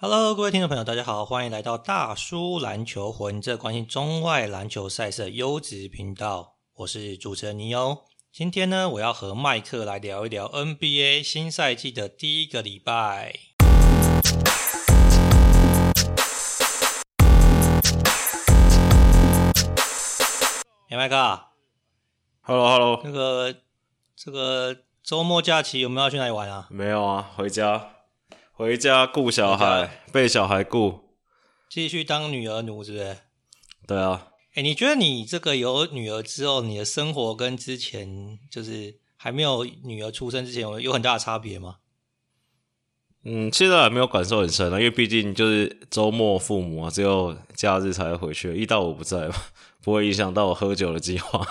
Hello，各位聽眾朋友，大家好，歡迎來到大叔籃球魂，這關心中外籃球賽事的優質頻道，我是主持人尼歐。今天呢，我要和麥克來聊一聊 NBA 新賽季的第一個禮拜。哎 hello, hello，這個，麥克，Hello，Hello，那個，這個周末假期有沒有要去哪裡玩啊？沒有啊，回家。回家顧小孩，被小孩顧，繼續當女兒奴，是不是？對啊。誒、欸、你覺得你這個有女兒之後，你的生活跟之前就是還沒有女兒出生之前有有很大的差別嗎？嗯，現在還沒有感受很深啊、嗯，因為畢竟就是周末父母、啊、只有假日才會回去，一到五我不在嘛，不會影響到我喝酒的計劃。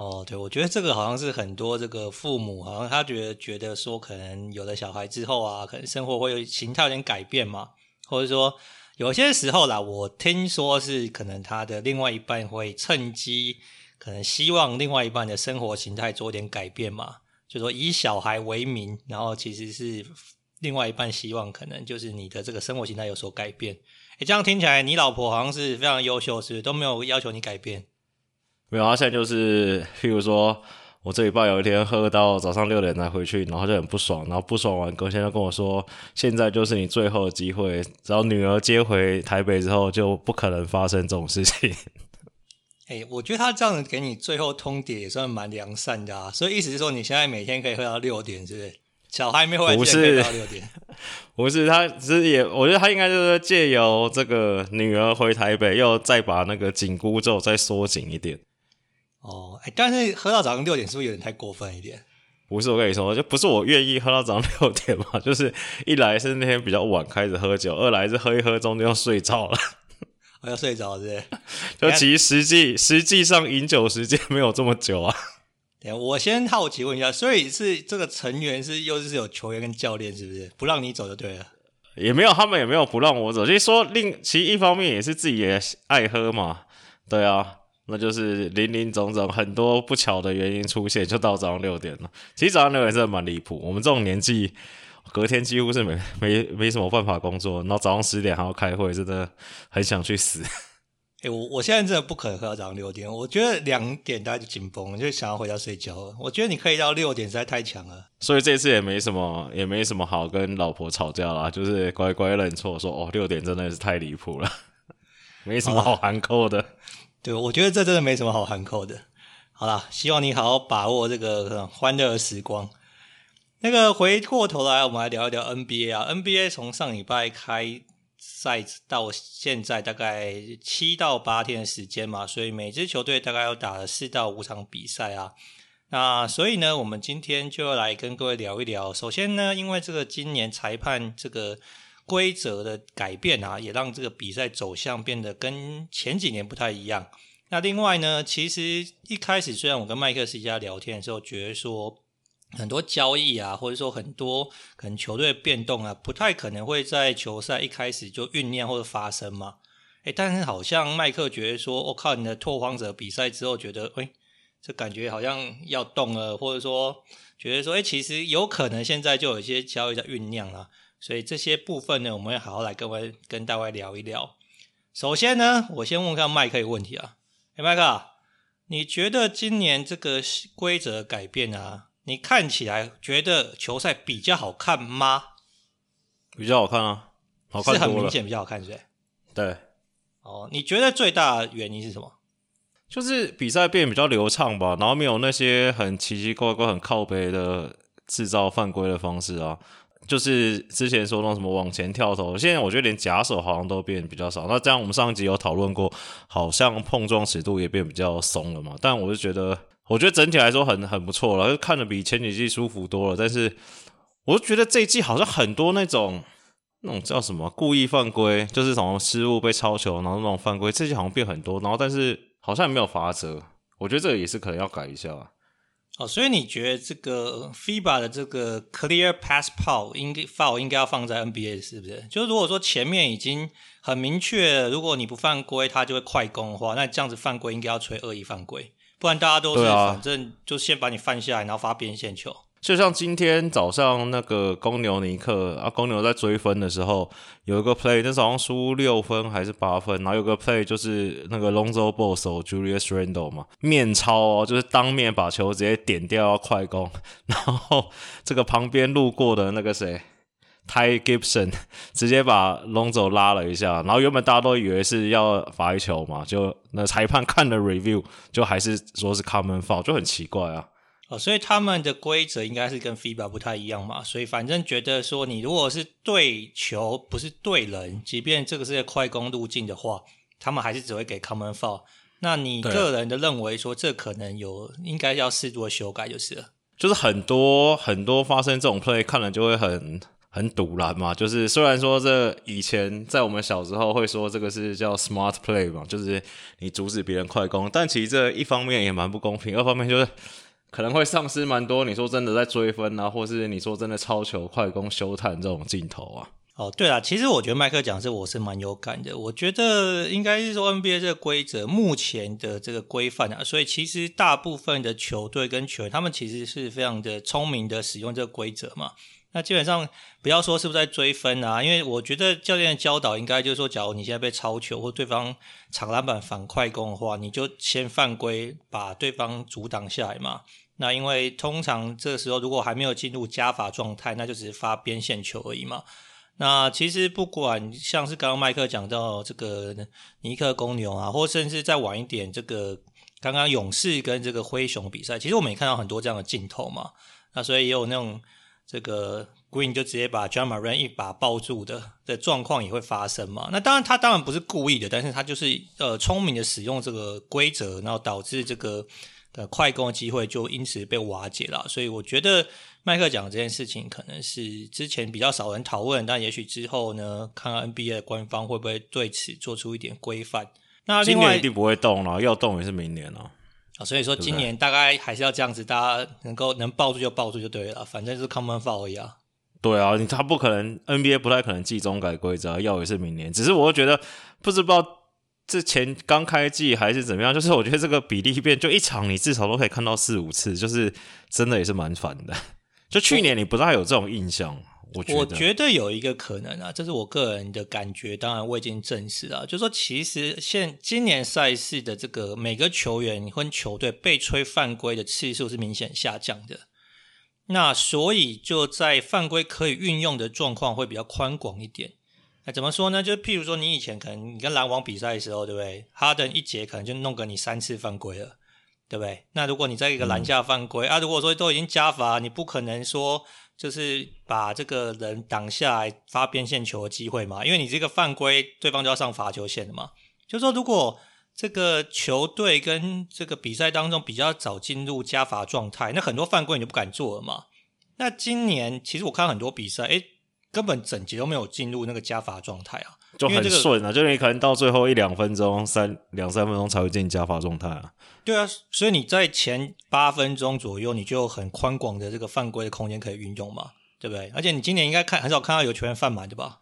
哦，對，我覺得這個好像是很多這個父母，好像他覺得覺得說，可能有了小孩之後啊，可能生活會有形態有點改變嘛，或者說有些時候啦，我聽說是可能他的另外一半會趁機，可能希望另外一半的生活形態做點改變嘛，就說以小孩為名，然後其實是另外一半希望可能就是你的這個生活形態有所改變。誒，這樣聽起來你老婆好像是非常優秀，是不是都沒有要求你改變？沒有，他現在就是，譬如說，我這禮拜有一天喝到早上六點才回去，然後就很不爽，然後不爽完哥現在就跟我說，現在就是你最後的機會，只要女兒接回台北之後，就不可能發生這種事情。哎、欸，我覺得他這樣子給你最後通牒也算蠻良善的，啊。所以意思是說，你現在每天可以喝到六點，是不是？小孩沒回來，不是到六點，不是， 不是他只是也，我覺得他應該就是借由這個女兒回台北，又再把那個緊箍咒再縮緊一點。哦，哎、欸，但是喝到早上六點是不是有點太過分一點？不是，我跟你說，就不是我願意喝到早上六點嘛。就是一來是那天比較晚開始喝酒，二來是喝一喝，中間又睡着了，我、哦、要睡着了，是。就其實，實際實際上飲酒時間沒有這麼久啊。等下，我先好奇問一下，所以是這個成員是又是有球員跟教練，是不是不讓你走就對了？也沒有，他們也沒有不讓我走。其、就、實、是、說另，其實一方面也是自己也愛喝嘛，對啊。那就是林林總總很多不巧的原因出現，就到早上六點了。其實早上六點真的蠻離譜。我們這種年紀，隔天幾乎是沒沒沒什麼辦法工作，然後早上十點還要開會，真的很想去死。欸，我我現在真的不可能喝到早上六點。我覺得兩點大家就緊繃，就想要回家睡覺了。我覺得你可以到六點，實在太強了。所以這次也沒什麼，也沒什麼好跟老婆吵架了，就是乖乖認錯，說，哦，六點真的是太離譜了，沒什麼好含扣的。哦對，我覺得這真的沒什麼好含扣的。好啦，希望你好好把握這個很歡樂的時光。那個回過頭來，我們來聊一聊 NBA 啊。NBA 從上禮拜開賽到現在大概七到八天的時間嘛，所以每支球隊大概要打了四到五場比賽啊。那所以呢，我們今天就要來跟各位聊一聊。首先呢，因為這個今年裁判這個。規則的改變啊，也讓這個比賽走向變得跟前幾年不太一樣。那另外呢，其實一開始雖然我跟麥克斯一家聊天的時候，覺得說很多交易啊，或者說很多可能球隊變動啊，不太可能會在球賽一開始就醞釀或者發生嘛。哎、欸，但是好像麥克覺得說，我、哦、靠，你的拓荒者比賽之後覺得，哎、欸，這感覺好像要動了，或者說覺得說，哎、欸，其實有可能現在就有一些交易在醞釀了。所以這些部分呢，我們要好好來跟外跟大家聊一聊。首先呢，我先問、問一下麥克一個問題啊，哎、欸，麥克，你覺得今年這個規則改變啊，你看起來覺得球賽比較好看嗎？比較好看啊，好看多了，是很明顯比較好看，是是，對對。哦，你覺得最大的原因是什麼？就是比賽變得比較流暢吧，然後沒有那些很奇奇怪怪、很靠北的制造犯規的方式啊。就是之前說那種什麼往前跳投，現在我覺得連假手好像都變比較少。那這樣我們上一集有討論過，好像碰撞尺度也變比較鬆了嘛。但我就覺得，我覺得整體來說很很不錯了，就看得比前幾季舒服多了。但是我就覺得這一季好像很多那種那種叫什麼故意犯規，就是從失誤被抄球，然後那種犯規，這些好像變很多。然後但是好像也沒有罰則，我覺得這個也是可能要改一下吧。哦，所以你覺得這個 FIBA 的這個 clear path 應該 foul 應該要放在 NBA 是不是？就是如果說前面已經很明確，如果你不犯規，他就會快攻的話，那這樣子犯規應該要吹惡意犯規，不然大家都是、啊、反正就先把你犯下來，然後發邊線球。就像今天早上那個公牛尼克啊，公牛在追分的時候有一個 play，那是好像輸六分還是八分，然後有個 play 就是那個 Lonzo Ball 哦，Julius Randle 嘛，面抄哦，就是當面把球直接點掉要快攻，然後這個旁邊路過的那個誰 Ty Gibson 直接把 Lonzo 拉了一下，然後原本大家都以為是要罰一球嘛，就那裁判看了 review 就還是說是 common foul，就很奇怪啊。哦，所以他們的規則應該是跟 FIBA 不太一樣嘛，所以反正覺得說你如果是對球不是對人，即便這個是快攻路徑的話，他們還是只會給 common foul。那你個人的認為說，這可能有、啊、應該要適度的修改就是了。就是很多很多發生這種 play，看了就會很很賭爛嘛。就是雖然說這以前在我們小時候會說這個是叫 smart play 嘛，就是你阻止別人快攻，但其實這一方面也蠻不公平，二方面就是。可能會喪失蠻多。你說真的在追分啊，或是你說真的超球、快攻、休探這種鏡頭啊？哦，對啊，其實我覺得麥克講這我是蠻有感的。我覺得應該是說 NBA 這個規則目前的這個規範啊，所以其實大部分的球隊跟球員他們其實是非常的聰明的使用這個規則嘛。那基本上不要說是不是在追分啊，因為我覺得教練的教導應該就是說，假如你現在被抄球或對方搶籃板反快攻的話，你就先犯規把對方阻擋下來嘛。那因為通常這個時候如果還沒有進入加罰狀態，那就只是發邊線球而已嘛。那其實不管像是剛剛麥克講到這個尼克公牛啊，或甚至再晚一點這個剛剛勇士跟這個灰熊比賽，其實我們也看到很多這樣的鏡頭嘛。那所以也有那種。這個 Green 就直接把 Ja Morant 一把抱住的的狀況也會發生嘛。那當然，他當然不是故意的，但是他就是呃聰明的使用這個規則，然後導致這個的、呃、快攻的機會就因此被瓦解了。所以我覺得麥克講的這件事情可能是之前比較少人討論，但也許之後呢，看看 NBA 的官方會不會對此做出一點規範。那今年一定不會動了，要動也是明年哦。所以說，今年大概還是要這樣子，大家能夠能抱住就抱住就對了，反正就是 common foul 一樣。對啊，他不可能 NBA 不太可能季中改規則，要也是明年。只是我會覺得，不知道之前剛開季還是怎麼樣，就是我覺得這個比例變，就一場你至少都可以看到四五次，就是真的也是蠻煩的。就去年你不太有這種印象。我覺，我覺得有一個可能啊，這是我個人的感覺，當然我已經證實啊，就是、說其實現今年賽事的這個每個球員跟球隊被吹犯規的次數是明顯下降的，那所以就在犯規可以運用的狀況會比較寬廣一點。那怎麼說呢？就譬如說，你以前可能你跟籃網比賽的時候，對不對？哈登一節可能就弄個你三次犯規了，對不對？那如果你在一個籃下犯規、嗯、啊，如果說都已經加罰，你不可能說。就是把這個人擋下來發邊線球的機會嘛，因為你這個犯規，對方就要上罰球線了嘛。就是說如果這個球隊跟這個比賽當中比較早進入加罰狀態，那很多犯規你就不敢做了嘛。那今年其實我看很多比賽，誒，根本整節都沒有進入那個加罰狀態啊。就很順啊、這個，就你可能到最後一兩分鐘、三兩三分鐘才會進加罰狀態啊。對啊，所以你在前八分鐘左右，你就很寬廣的這個犯規的空間可以運用嘛，對不對？而且你今年應該看很少看到有球員犯滿，對吧？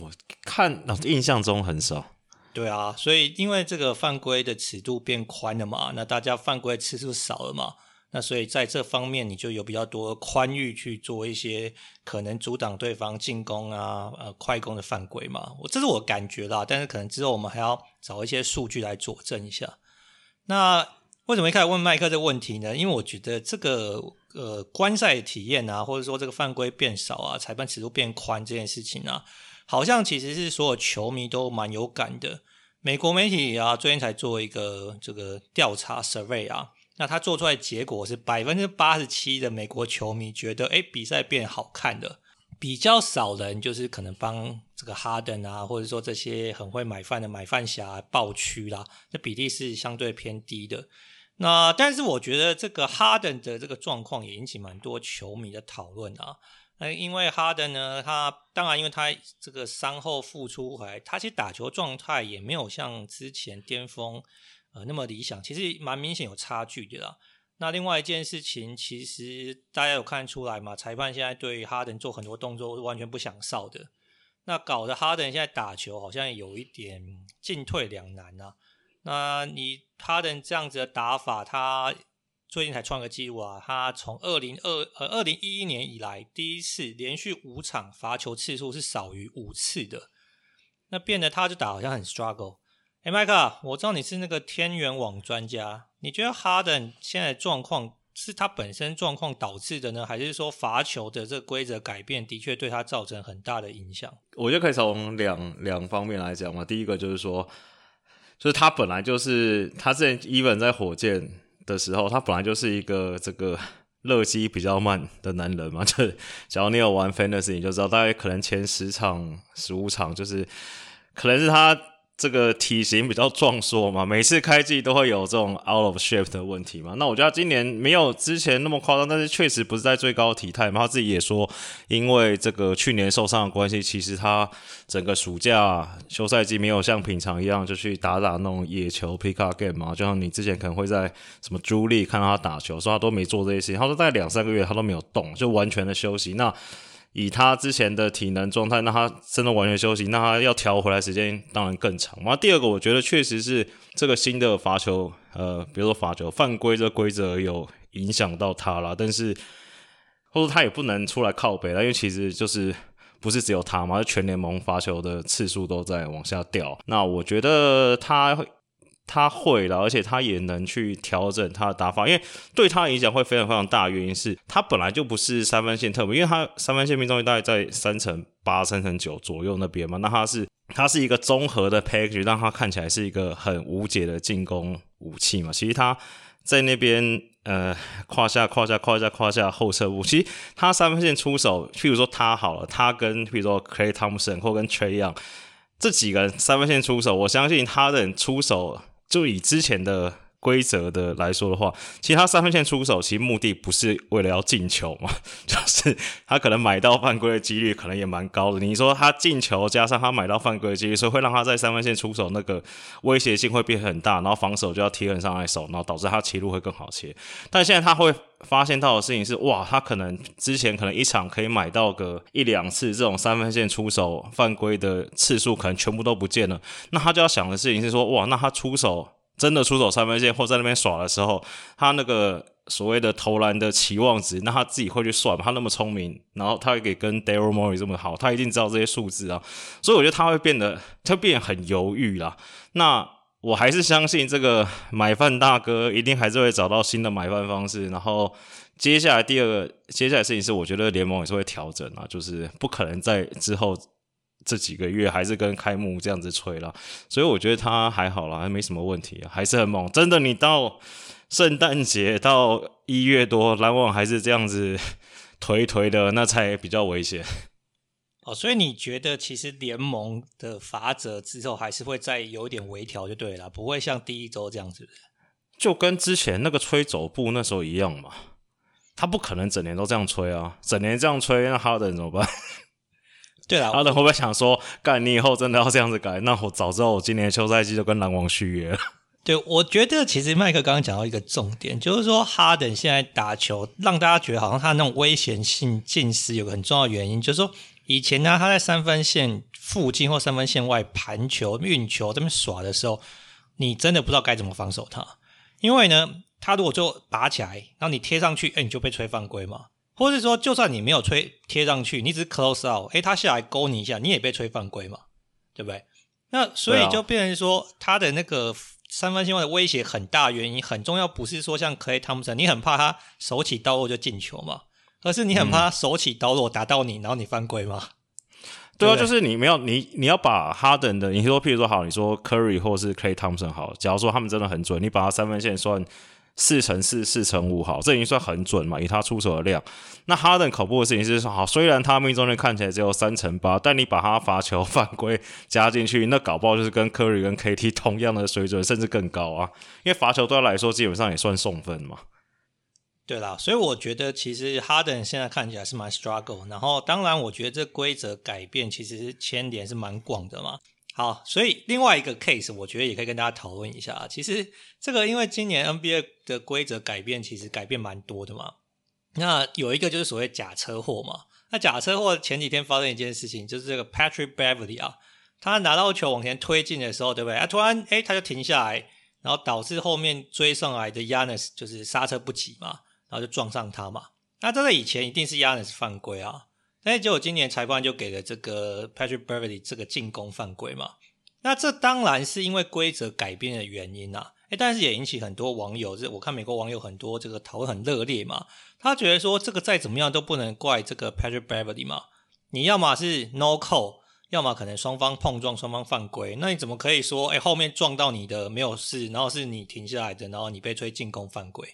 我看啊、哦，印象中很少。對啊，所以因為這個犯規的尺度變寬了嘛，那大家犯規次數少了嘛。那所以在這方面，你就有比較多的寬裕去做一些可能阻擋對方進攻啊、呃快攻的犯規嘛。我這是我感覺啦，但是可能之後我們還要找一些數據來佐證一下。那為什麼一開始問麥克這個問題呢？因為我覺得這個呃觀賽的體驗啊，或者說這個犯規變少啊、裁判尺度變寬這件事情啊，好像其實是所有球迷都蠻有感的。美國媒體啊，最近才做一個這個調查 survey 啊。那他做出來的結果是百分之八十七的美國球迷覺得，誒，比賽變好看了。比較少人就是可能幫這個哈登啊，或者說這些很會買飯的買飯俠暴區啦，那比例是相對偏低的。那但是我覺得這個哈登的這個狀況也引起蠻多球迷的討論啊。那因為哈登呢，他當然因為他這個傷後復出回來，他其實打球狀態也沒有像之前巔峰。呃，那麼理想其實蠻明顯有差距的啦。那另外一件事情，其實大家有看出來嘛？裁判現在對哈登做很多動作，是完全不想少的。那搞得哈登現在打球好像有一點進退兩難吶、啊。那你哈登這樣子的打法，他最近才創個紀錄啊，他從二零二呃二零一一年以來，第一次連續五場罰球次數是少於五次的。那變得他就打好像很 struggle。哎、欸，麥克，我知道你是那個天元網專家。你覺得哈登現在狀況是他本身狀況導致的呢，還是說罰球的這個規則改變的確對他造成很大的影響？我覺得可以從兩兩方面來講嘛。第一個就是說，就是他本來就是他之前 even 在火箭的時候，他本來就是一個這個熱機比較慢的男人嘛。就只要你有玩 fantasy 你就知道大概可能前十場、十五場就是可能是他。這個體型比較壯碩嘛，每次開季都會有這種 out of shape 的問題嘛。那我覺得他今年沒有之前那麼誇張，但是確實不是在最高體態嘛。他自己也說，因為這個去年受傷的關係，其實他整個暑假休賽季沒有像平常一樣就去打打那種野球 pickup game 嘛。就像你之前可能會在什麼朱莉看到他打球，說他都沒做這些事。他說大概兩三個月他都沒有動，就完全的休息。那以他之前的體能狀態，那他真的完全休息，那他要調回來時間當然更長嘛。第二個，我覺得確實是這個新的罰球，呃，比如說罰球犯規這規則有影響到他啦，但是或者他也不能出來靠北了，因為其實就是不是只有他嘛，全聯盟罰球的次數都在往下掉。那我覺得他會。他會了，而且他也能去調整他的打法，因為對他的影響會非常非常大。原因是，他本來就不是三分線特別，因為他三分線命中率大概在三成八、三成九左右那邊嘛。那他是，他是一個綜合的 package，讓他看起來是一個很無解的進攻武器嘛。其實他在那邊，呃，胯下、胯下、胯下、胯下，胯下後撤步。其實他三分線出手，譬如說他好了，他跟比如說 Klay Thompson 或跟 Trae Young 這幾個人三分線出手，我相信他的出手。就以之前的。規則的來說的話，其他三分線出手，其實目的不是為了要進球嘛，就是他可能買到犯規的幾率可能也蠻高的。你說他進球，加上他買到犯規的幾率，所以會讓他在三分線出手那個威脅性會變很大，然後防守就要貼人上來守，然後導致他棋路會更好切。但現在他會發現到的事情是，哇，他可能之前可能一場可以買到個一兩次這種三分線出手犯規的次數，可能全部都不見了。那他就要想的事情是說，哇，那他出手。真的出手三分線或在那邊耍的時候，他那個所謂的投籃的期望值，那他自己會去算，他那麼聰明，然後他會給跟 Daryl Morey 這麼好，他一定知道這些數字啊。所以我覺得他會變得，他變得很猶豫啦。那我還是相信這個買飯大哥一定還是會找到新的買飯方式。然後接下來第二個接下來事情是，我覺得聯盟也是會調整啊，就是不可能在之後。這幾個月還是跟開幕這樣子吹了，所以我覺得他還好啦，還沒什麼問題啊，還是很猛。真的，你到聖誕節到一月多，籃網還是這樣子頹頹的，那才比較危險。哦，所以你覺得其實聯盟的法則之後還是會再有點微調就對了，不會像第一周這樣子，就跟之前那個吹走步那時候一樣嘛？他不可能整年都這樣吹啊，整年這樣吹，那哈登怎麼辦？對了，哈登會不會想說，幹，你以後真的要這樣子改？那我早知道我今年的休賽季就跟籃網續約了。對，我覺得其實麥克剛剛講到一個重點，就是說哈登現在打球讓大家覺得好像他那種危險性盡失，有個很重要的原因，就是說以前呢，他在三分線附近或三分線外盤球運球這邊耍的時候，你真的不知道該怎麼防守他，因為呢，他如果就拔起來，然後你貼上去，哎，你就被吹犯規嘛。或是說，就算你沒有吹貼上去，你只是 close out，哎，他下來勾你一下，你也被吹犯規嘛，對不對？那所以就變成說，啊、他的那個三分線外的威脅很大，原因很重要，不是說像 Clay Thompson，你很怕他手起刀落就進球嘛，而是你很怕他手起刀落打到你，嗯、然後你犯規嘛？對啊，就是你沒有你你要把 Harden 的，你說譬如說好，你說 Curry 或是 Clay Thompson 好，假如說他們真的很準，你把他三分線算。四乘四，四乘五，好，這已經算很準嘛。以他出手的量，那哈登恐怖的事情是說，好，雖然他命中率看起來只有三乘八，但你把他罰球犯規加進去，那搞不好就是跟科瑞、跟 KT 同樣的水準，甚至更高啊。因為罰球對他來說，基本上也算送分嘛。對啦，所以我覺得其實哈登現在看起來是蠻 struggle。然後，當然，我覺得這規則改變其實是牽連是蠻廣的嘛。好，所以另外一個 case 我覺得也可以跟大家討論一下。啊。其實這個因為今年 NBA 的規則改變，其實改變蠻多的嘛。那有一個就是所謂假車禍嘛。那假車禍前幾天發生一件事情，就是這個 Patrick Beverly 啊，他拿到球往前推進的時候，對不對？啊，突然誒他就停下來，然後導致後面追上來的 Yannis 就是剎車不及嘛，然後就撞上他嘛。那這在以前一定是 Yannis 犯規啊。哎，結果今年裁判就給了這個 Patrick Beverley 這個進攻犯規嘛。那這當然是因為規則改變的原因啊。哎，但是也引起很多網友，這我看美國網友很多這個討論很熱烈嘛。他覺得說這個再怎麼樣都不能怪這個 Patrick Beverley 嘛。你要麼是 no call，要麼可能雙方碰撞，雙方犯規。那你怎麼可以說哎，後面撞到你的沒有事，然後是你停下來的，然後你被吹進攻犯規？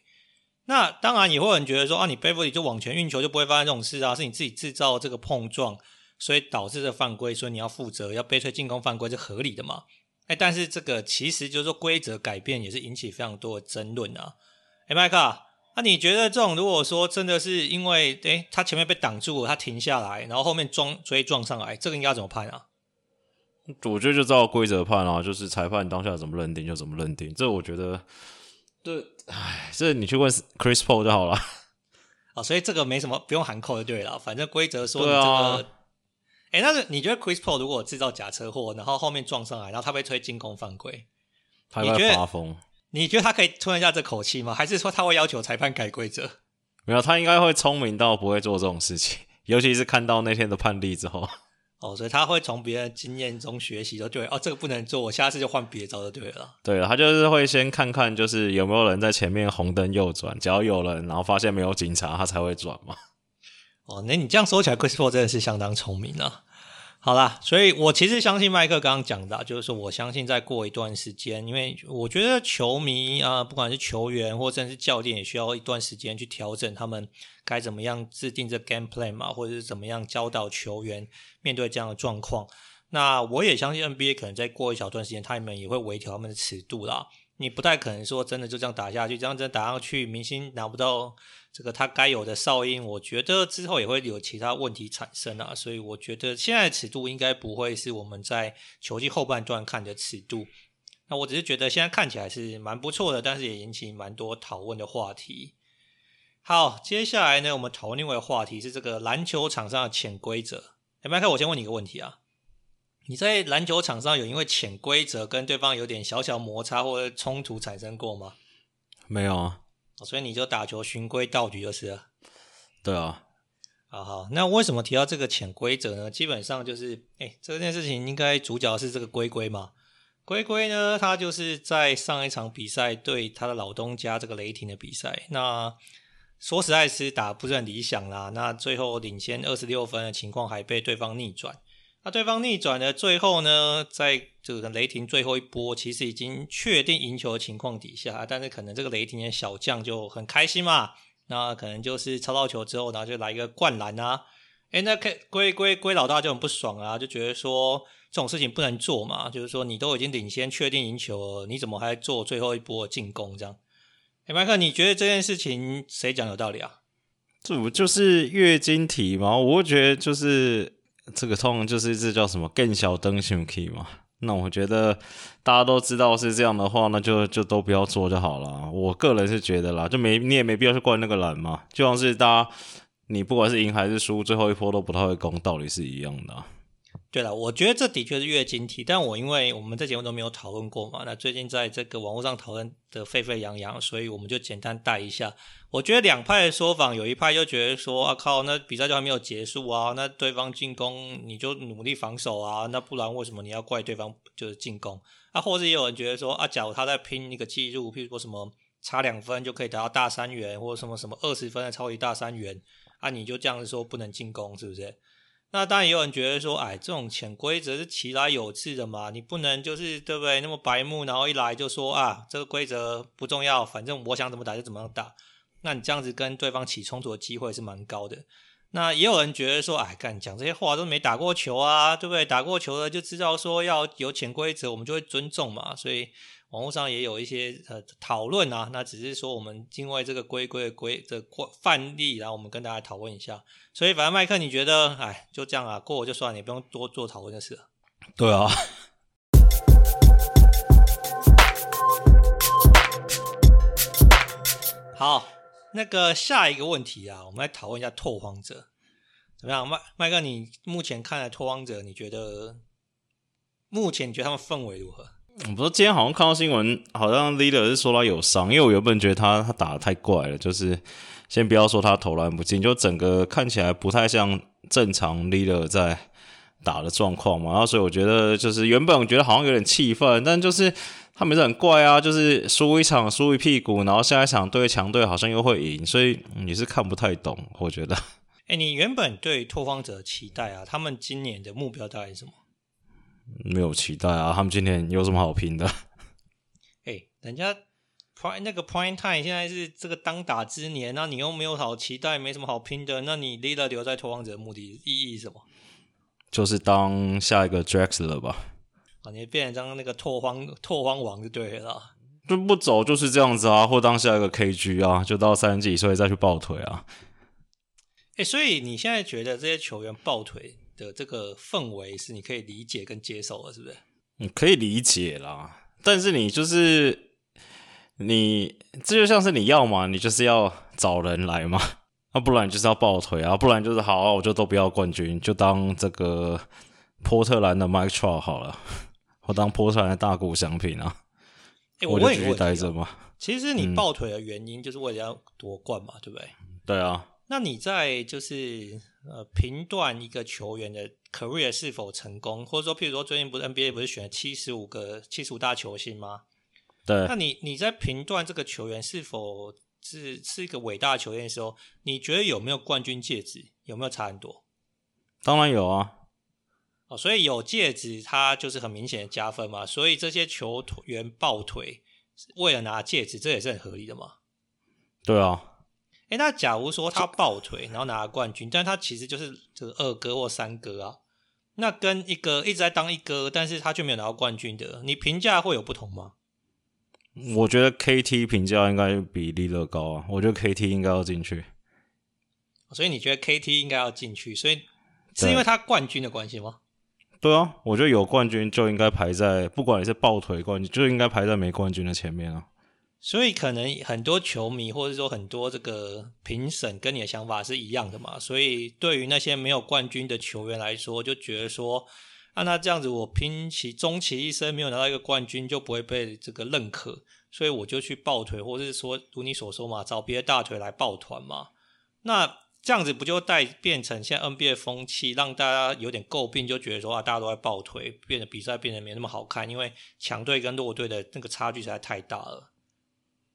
那當然也會有人覺得說啊，你背腹裡就往前運球就不會發生這種事啊，是你自己制造這個碰撞，所以導致這個犯規，所以你要負責要被吹進攻犯規是合理的嘛？哎、欸，但是這個其實就是說規則改變也是引起非常多的爭論啊。哎、欸，麥克，那你覺得這種如果說真的是因為哎、欸、他前面被擋住了，他停下來，然後後面撞所以撞上來，這個應該怎麼判啊？主就照規則判啊，就是裁判當下怎麼認定就怎麼認定。這我覺得。對，哎，這你去問 Chris Paul 就好了。啊、哦，所以這個沒什麼，不用喊扣就對了。反正規則說這個，哎、啊，那是你覺得 Chris Paul 如果製造假車禍，然後後面撞上來，然後他被吹進攻犯規，他會發瘋，你覺得發瘋？你覺得他可以吞一下這口氣嗎？還是說他會要求裁判改規則？沒有，他應該會聰明到不會做這種事情，尤其是看到那天的判例之後。哦，所以他會從別人經驗中學習對，就會哦，這個不能做，我下次就換別的招就對了。對，他就是會先看看，就是有沒有人在前面紅燈右轉，只要有人，然後發現沒有警察，他才會轉嘛。哦，那你這樣說起來，Chris Paul 真的是相當聰明啊。好啦，所以我其實相信麥克剛剛講的，就是說我相信再過一段時間，因為我覺得球迷啊、呃，不管是球員或者是教練，也需要一段時間去調整他們該怎麼樣制定這 game plan 嘛，或者是怎麼樣教導球員面對這樣的狀況。那我也相信 NBA 可能再過一小段時間，他們也會微調他們的尺度啦。你不太可能說真的就這樣打下去，這樣真的打下去，明星拿不到這個他該有的哨音，我覺得之後也會有其他問題產生啊。所以我覺得現在的尺度應該不會是我們在球季後半段看的尺度。那我只是覺得現在看起來是蠻不錯的，但是也引起蠻多討論的話題。好，接下來呢，我們討論另外一個話題是這個籃球場上的潛規則。誒、欸，麥克，我先問你一個問題啊。你在籃球場上有因為潛規則跟對方有點小小摩擦或者衝突產生過嗎？沒有啊，所以你就打球循規蹈矩就是了。對啊，好好，那為什麼提到這個潛規則呢？基本上就是，哎、欸，這件事情應該主角是這個龜龜嘛。龜龜呢，他就是在上一場比賽對他的老東家這個雷霆的比賽，那說實在，是打不是很理想啦。那最後領先二十六分的情況還被對方逆轉。那、啊、對方逆轉的最後呢，在這個雷霆最後一波其實已經確定贏球的情況底下、啊，但是可能這個雷霆的小將就很開心嘛，那可能就是抄到球之後然後就來一個灌籃啊！哎、欸，那歸歸歸老大就很不爽啊，就覺得說這種事情不能做嘛，就是說你都已經領先、確定贏球了，你怎麼還做最後一波進攻？這樣，哎、欸，麥克，你覺得這件事情誰講有道理啊？這不就是月經題嗎？我覺得就是。這個痛就是這叫什麼“更小燈心 key” 嘛？那我覺得大家都知道是這樣的話，那就就都不要做就好了。我個人是覺得啦，就沒，你也沒必要去怪那個藍嘛。就像是大家，你不管是贏還是輸，最後一波都不太會攻，道理是一樣的啊。對了，我覺得這的確是月經題，但我因為我們在節目都沒有討論過嘛，那最近在這個網絡上討論的沸沸揚揚，所以我們就簡單帶一下。我覺得兩派的說法，有一派就覺得說啊靠，那比賽就還沒有結束啊，那對方進攻你就努力防守啊，那不然為什麼你要怪對方就是進攻？啊，或者是也有人覺得說啊，假如他在拼一個記錄，譬如說什麼差兩分就可以達到大三元，或者什麼什麼二十分的超級大三元，啊，你就這樣子說不能進攻，是不是？那當然也有人覺得說，哎，這種潛規則是其來有自的嘛，你不能就是對不對？那麼白目，然後一來就說啊，這個規則不重要，反正我想怎麼打就怎麼樣打。那你這樣子跟對方起衝突的機會是蠻高的。那也有人覺得說，哎，幹你講這些話都沒打過球啊，對不對？打過球的就知道說要有潛規則，我們就會尊重嘛，所以。網絡上也有一些呃討論啊，那只是說我們因為這個規規的規這範例，然後我們跟大家討論一下。所以反正麥克，你覺得，哎，就這樣啊，過我就算了，也不用多做討論的事了。對啊。好，那個下一個問題啊，我們來討論一下拓荒者怎麼樣？麥麥克，你目前看來拓荒者，你覺得目前你覺得他們氛圍如何？我不是，今天好像看到新聞，好像 Lillard 是說他有傷，因為我原本覺得他他打的太怪了，就是先不要說他投籃不進，就整個看起來不太像正常 Lillard 在打的狀況嘛。然後所以我覺得就是原本我覺得好像有點氣憤，但就是他們是很怪啊，就是輸一場輸一屁股，然後下一場對強隊好像又會贏，所以你是看不太懂。我覺得，哎、欸，你原本對拓荒者的期待啊，他們今年的目標大概是什麼？沒有期待啊！他們今天有什麼好拼的？誒，人家 prime 那個 prime time 現在是這個當打之年，那你又沒有好期待，沒什麼好拼的，那你留了留在拓荒者的目的意義是什麼？就是當下一個 Drexler 了吧？啊，你變成剛剛那個拓荒拓荒王就對了，就不走就是這樣子啊！或當下一個 KG 啊，就到三十幾歲再去抱腿啊！誒，所以你現在覺得這些球員抱腿？的這個氛圍是你可以理解跟接受的，是不是？你可以理解啦，但是你就是你這就像是你要嘛，你就是要找人來嘛，那、啊、不然就是要抱腿啊，不然就是好、啊，我就都不要冠軍，就當這個波特蘭的 Mike Trout 好了，我當波特蘭的大股商品啊。我問你，我待、啊、着嘛。其實你抱腿的原因就是為了要奪冠嘛，對不對？對啊。那你在就是呃、評斷一個球員的 career 是否成功，或者說，譬如說最近不是 NBA 不是選了七十五個七十五大球星嗎？對。那你你在評斷這個球員是否是是一個偉大的球員的時候，你覺得有沒有冠軍戒指？有沒有差很多？當然有啊。哦，所以有戒指，它就是很明顯的加分嘛。所以這些球員抱腿為了拿戒指，這也是很合理的嘛。對啊、哦。欸，那假如說他抱腿，然後拿了冠軍，但他其實就是這個二哥或三哥啊，那跟一哥一直在當一哥，但是他卻沒有拿到冠軍的，你評價會有不同嗎？我覺得 KT 評價應該比利樂高啊，我覺得 KT 應該要進去。嗯。所以你覺得 KT 應該要進去，所以是因為他冠軍的關係嗎？對，對啊，我覺得有冠軍就應該排在，不管你是抱腿冠軍，就應該排在沒冠軍的前面啊。所以可能很多球迷，或者說很多這個評審跟你的想法是一樣的嘛。所以對於那些沒有冠軍的球員來說，就覺得說，啊，那那這樣子，我拼其終其一生沒有拿到一個冠軍，就不會被這個認可。所以我就去抱腿，或者是說如你所說嘛，找別的大腿來抱團嘛。那這樣子不就帶變成現在 NBA 風氣，讓大家有點詬病，就覺得說啊，大家都在抱腿，變得比賽變得沒那麼好看，因為強隊跟弱隊的那個差距實在太大了。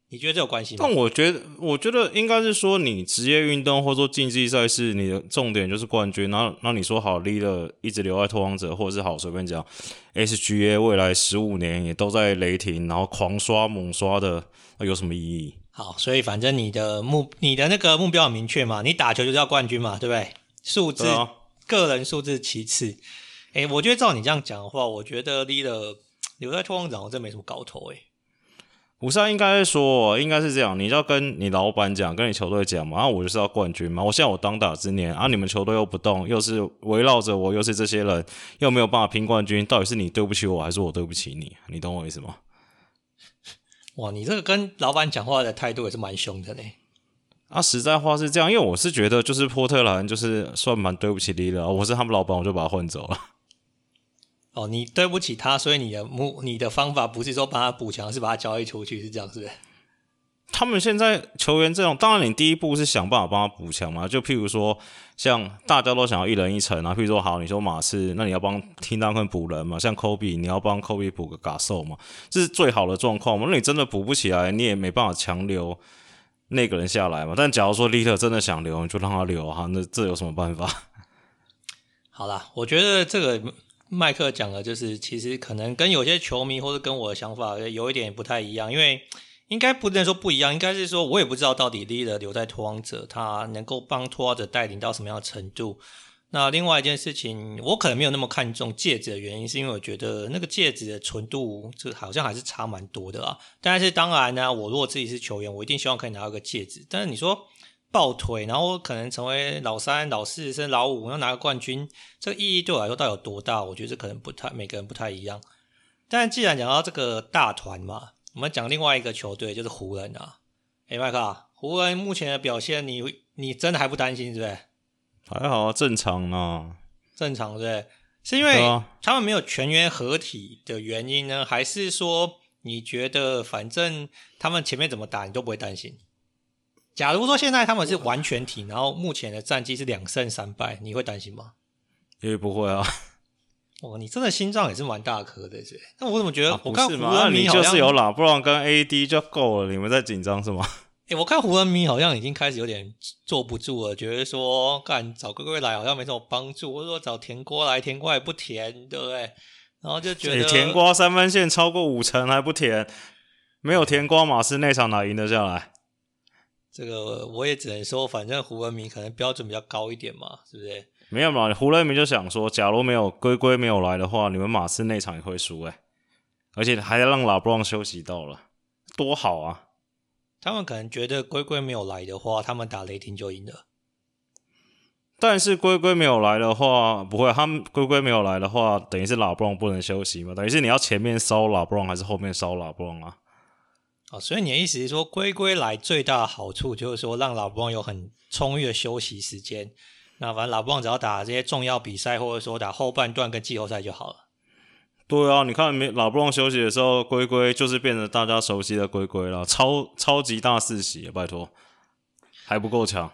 你覺得這有關係嗎？但我覺得，我覺得應該是說，你職業運動或者說競技賽事，你的重點就是冠軍。然後，那你說好，Lillard 一直留在拓荒者，或者是好隨便講，S G A 未來十五年也都在雷霆，然後狂刷猛刷的，有什麼意義？好，所以反正你的目，你的那個目標很明確嘛，你打球就是要冠軍嘛，對不對？數字、啊，個人數字其次。誒，我覺得照你這樣講的話，我覺得 Lillard 留在拓荒者，我真沒什麼搞頭誒、欸我是應該說，應該是這樣，你要跟你老板講，跟你球隊講嘛。然後，啊，我就是要冠軍嘛，我現在我當打之年，啊，你們球隊又不動，又是圍繞着我，又是這些人，又沒有辦法拼冠軍，到底是你對不起我還是我對不起你？你懂我意思嗎？哇，你這個跟老板講話的態度也是蠻兇的嘞。啊，實在話是這樣，因為我是覺得就是波特蘭就是算蠻對不起 Lillard。我是他們老板，我就把他換走了。哦，你對不起他，所以你的目你的方法不是說幫他補強，是把他交易出去，是這樣，是不是？他們現在球員這種，當然你第一步是想辦法幫他補強嘛，就譬如說，像大家都想要一人一城啊，譬如說，好，你說馬刺，那你要幫 Tim Duncan 補人嘛，像 Kobe，你要幫 Kobe 補個 Gasol 嘛，這是最好的狀況嘛。那你真的補不起來，你也沒辦法強留那個人下來嘛。但假如說利特真的想留，你就讓他留哈、啊，那這有什麼辦法？好啦，我覺得這個。麥克講的就是其實可能跟有些球迷或者跟我的想法有一點也不太一樣，因為應該不能說不一樣，應該是說我也不知道到底 Lillard 留在拓荒者，他能夠幫拓荒者帶領到什麼樣的程度。那另外一件事情，我可能沒有那麼看重戒指的原因，是因為我覺得那個戒指的純度，就好像還是差蠻多的啊。但是當然呢，我如果自己是球員，我一定希望可以拿到一個戒指。但是你說。抱腿，然後可能成為老三、老四甚至老五，然後拿個冠軍，這個意義對我來說到底有多大？我覺得可能不太，每個人不太一樣。但既然講到這個大團嘛，我們講另外一個球隊就是湖人啊。哎，麥克，湖人目前的表現你，你你真的還不擔心，是不對？還好正常呢，正常對不對？是因為他們沒有全員合體的原因呢，還是說你覺得反正他們前面怎麼打，你都不會擔心？假如說現在他們是完全體，然後目前的戰績是兩勝三敗，你會擔心嗎？因為不會啊。哦，你真的心臟也是蠻大顆的，是，是？那我怎麼覺得？我看胡、啊，那你就是有喇叭跟 AD 就夠了，你們在緊張是嗎？哎、欸，我看湖人迷好像已經開始有點坐不住了，覺得說幹找哥哥來好像沒什麼幫助，或者說找甜瓜來，甜瓜也不甜，對不對？然後就覺得甜瓜三分線超過五成還不甜，沒有甜瓜，馬刺那場哪贏得下來？這個我也只能說，反正胡文明可能標準比較高一點嘛，是不是？沒有嘛，胡文明就想說，假如沒有龜龜沒有來的話，你們馬刺那場也會輸哎，而且還要讓拉布朗休息到了，多好啊！他們可能覺得龜龜沒有來的話，他們打雷霆就贏了。但是龜龜沒有來的話，不會，他們龜龜沒有來的話，等於是拉布朗不能休息嘛，等於是你要前面燒拉布朗還是後面燒拉布朗啊？哦，所以你的意思是說，龜龜來最大的好處就是說，讓老布旺有很充裕的休息時間。那反正老布旺只要打這些重要比賽，或者說打後半段跟季後賽就好了。對啊，你看沒老布旺休息的時候，龜龜就是變成大家熟悉的龜龜了，超超級大四喜，拜托，還不夠強？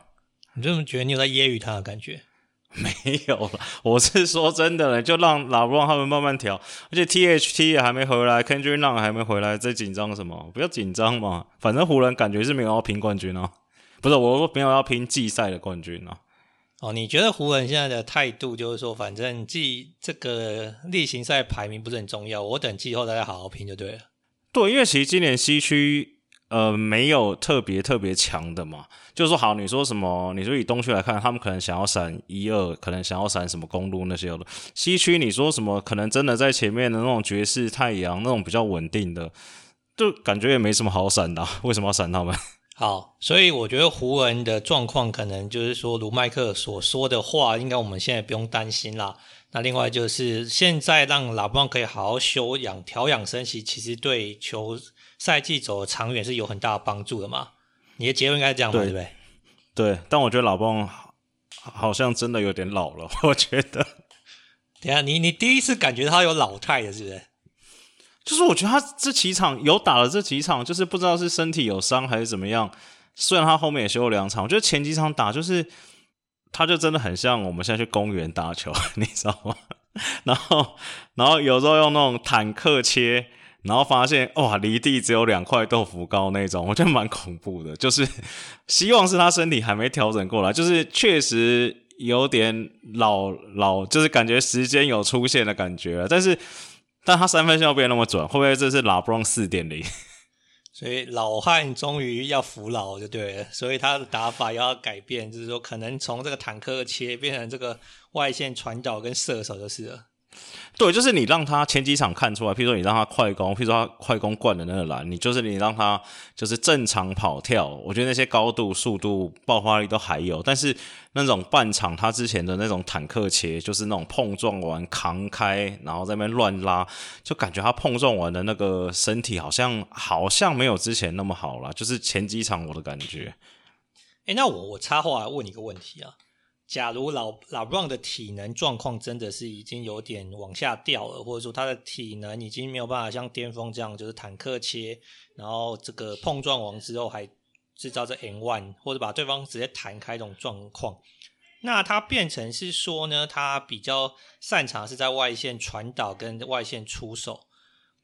你這麼覺得？你有在揶揄他的感覺？沒有了，我是說真的，就讓 LeBron 他們慢慢調，而且 THT 也還沒回來，Kendrick Nunn 還沒回來，在緊張什麼？不要緊張嘛，反正湖人感覺是沒有要拼冠軍啊，不是我說沒有要拼季賽的冠軍啊。哦，你覺得湖人現在的態度就是說，反正季這個例行賽排名不是很重要，我等季後大家好好拼就對了。對，因為其實今年西區。呃，沒有特別特別強的嘛，就是說，好，你說什麼？你說以東區來看，他們可能想要閃一二，可能想要閃什麼公路那些的。西區你說什麼？可能真的在前面的那種爵士、太陽那種比較穩定的，就感覺也沒什麼好閃的，啊。為什麼要閃他們？好，所以我覺得湖人的狀況可能就是說，如麥克所說的話，應該我們現在不用擔心啦。那另外就是現在讓老邦可以好好休養、調養生息，其實對球。賽季走的長遠是有很大幫助的嘛？你的結論應該是這樣對，對不對？對，但我覺得老蹦好像真的有點老了。我覺得，等下你你第一次感覺他有老態的是不是？就是我覺得他這幾場有打了這幾場，就是不知道是身體有傷還是怎麼樣。雖然他後面也休了兩場，我覺得前幾場打就是，他就真的很像我們現在去公園打球，你知道嗎？然後然後有時候用那種坦克切。然後發現哇，離地只有兩塊豆腐糕那種，我覺得蠻恐怖的。就是希望是他身體還沒調整過來，就是確實有點老老，就是感覺時間有出現的感覺了。但是，但他三分線要變那麼準，會不會這是拉布朗四點零？所以老漢終於要服老就對了，所以他的打法要改變，就是說可能從這個坦克切變成這個外線傳導跟射手就是了。對，就是你讓他前幾場看出來，譬如說你讓他快攻，譬如說他快攻灌的那個籃，你就是你讓他就是正常跑跳。我覺得那些高度、速度、爆發力都還有，但是那種半場他之前的那種坦克切，就是那種碰撞完扛開，然後在那邊亂拉，就感覺他碰撞完的那個身體好像好像沒有之前那麼好了。就是前幾場我的感覺。誒，那我我插話來問你個問題啊。假如老老布朗的體能狀況真的是已經有點往下掉了，或者說他的體能已經沒有辦法像巔峰這樣，就是坦克切，然後這個碰撞完之後還制造這 and one，或者把對方直接彈開這種狀況，那他變成是說呢，他比較擅長是在外線傳導跟外線出手，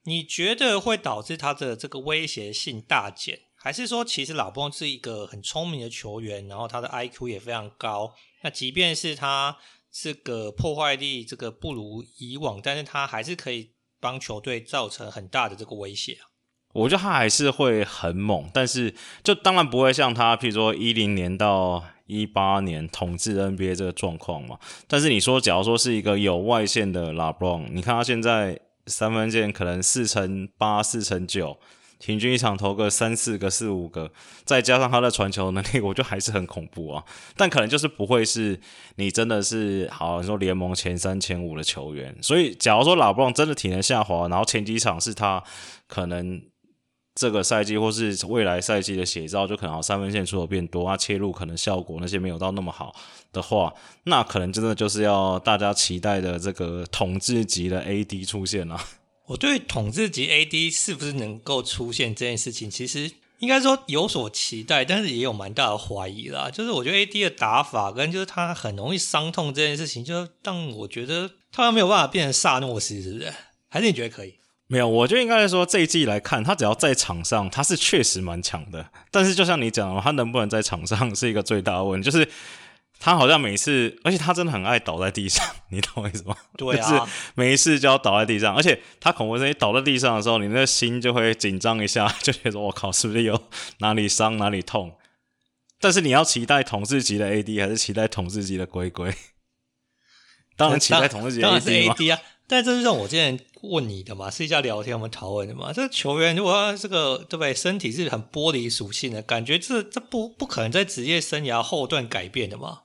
你覺得會導致他的這個威脅性大減，還是說其實老布朗是一個很聰明的球員，然後他的 IQ 也非常高？那即便是他這個破壞力這個不如以往，但是他還是可以幫球隊造成很大的這個威脅啊。我覺得他還是會很猛，但是就當然不會像他，譬如說一零年到一八年統治 NBA 這個狀況嘛。但是你說，假如說是一個有外線的拉布朗，你看他現在三分線可能四成八、四成九。平均一場投個三四個、四五個，再加上他的傳球能力，我覺得還是很恐怖啊。但可能就是不會是你真的是好像說聯盟前三、前五的球員。所以，假如說老布朗真的體能下滑，然後前幾場是他可能這個賽季或是未來賽季的寫照，就可能好三分線出手變多，他、啊、切入可能效果那些沒有到那麼好的話，那可能真的就是要大家期待的這個統治級的 AD 出現了、啊。我對統治級 AD 是不是能夠出現這件事情，其實應該說有所期待，但是也有蠻大的懷疑啦。就是我覺得 AD 的打法跟就是他很容易傷痛這件事情，就讓我覺得他沒有辦法變成薩諾斯，是不是？還是你覺得可以？沒有，我覺得應該來說，這一季來看，他只要在場上，他是確實蠻強的。但是就像你講，他能不能在場上是一個最大的問題，就是。他好像每次，而且他真的很愛倒在地上，你懂我意思嗎？對啊，就是、每一次就要倒在地上，而且他恐怖是一倒在地上的時候，你那心就會緊張一下，就覺得說我靠，是不是有哪裡傷哪裡痛？但是你要期待統治級的 AD 還是期待統治級的龜龜？當然期待統治級的 AD，、欸、當然 AD 啊！但這是讓我之前問你的嘛， 是私下聊天我們討論的嘛？這球員如果要這個對不對，身體是很玻璃屬性的感覺這，這這不不可能在職業生涯後段改變的嘛？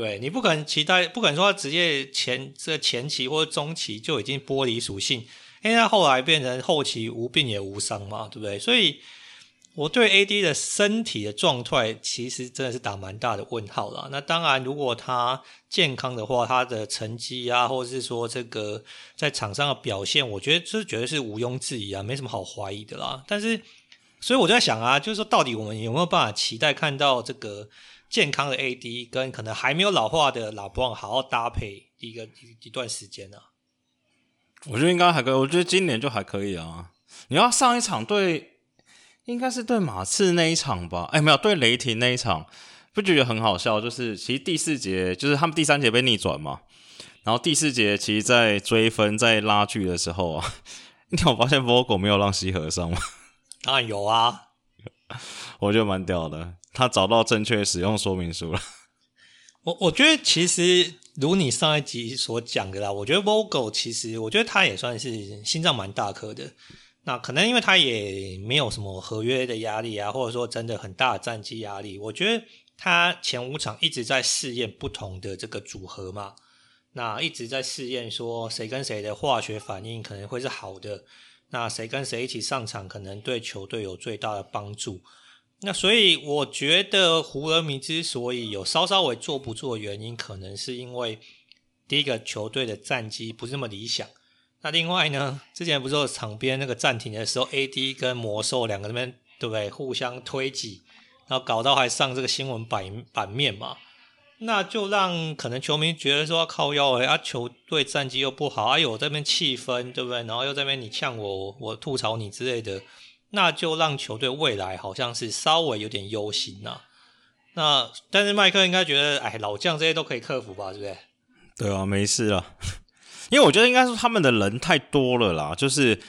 對，你不可能期待，不可能說，他職業前這個、前期或中期就已經玻璃屬性，因為他後來變成後期無病也無傷嘛，對不對？所以我對 AD 的身體的狀態其實真的是打蠻大的問號了。那當然，如果他健康的話，他的成績啊，或者是說這個在場上的表現，我覺得就絕對是毋庸置疑啊，沒什麼好懷疑的啦。但是，所以我就在想啊，就是說到底我們有沒有辦法期待看到這個？健康的 AD 跟可能還沒有老化的老 Bron 好好搭配一個一一段時間呢、啊。我覺得應該還可以，我覺得今年就還可以啊。你要上一場，對，應該是對馬刺那一場吧？哎，沒有，對雷霆那一場，不覺得很好笑？就是其實第四節，就是他們第三節被逆轉嘛，然後第四節其實在追分，在拉鋸的時候啊，你有我發現 Voggo 沒有讓西河上嗎？當、啊、然有啊，我覺得蠻屌的。他找到正確使用說明書了。我我覺得其實如你上一集所講的啦，我覺得 Vogel 其實我覺得他也算是心臟蠻大顆的。那可能因為他也沒有什麼合約的壓力啊，或者說真的很大的戰績壓力。我覺得他前五場一直在試驗不同的這個組合嘛，那一直在試驗說誰跟誰的化學反應可能會是好的，那誰跟誰一起上場可能對球隊有最大的幫助。那所以我覺得胡爾明之所以有稍稍微坐不住的原因，可能是因為第一個球隊的戰績不是那麼理想。那另外呢，之前不是有場邊那個暫停的時候，AD 跟魔獸兩個這邊對不對，互相推擠，然後搞到還上這個新聞版版面嘛？那就讓可能球迷覺得說要靠腰圍、欸、啊，球隊戰績又不好，哎呦這邊氣氛對不對？然後又這邊你嗆我，我吐槽你之類的。那就讓球隊未來好像是稍微有點憂心啊，那但是麥克應該覺得，哎，老將這些都可以克服吧，對不對？對啊，沒事啊，因為我覺得應該是他們的人太多了啦。就是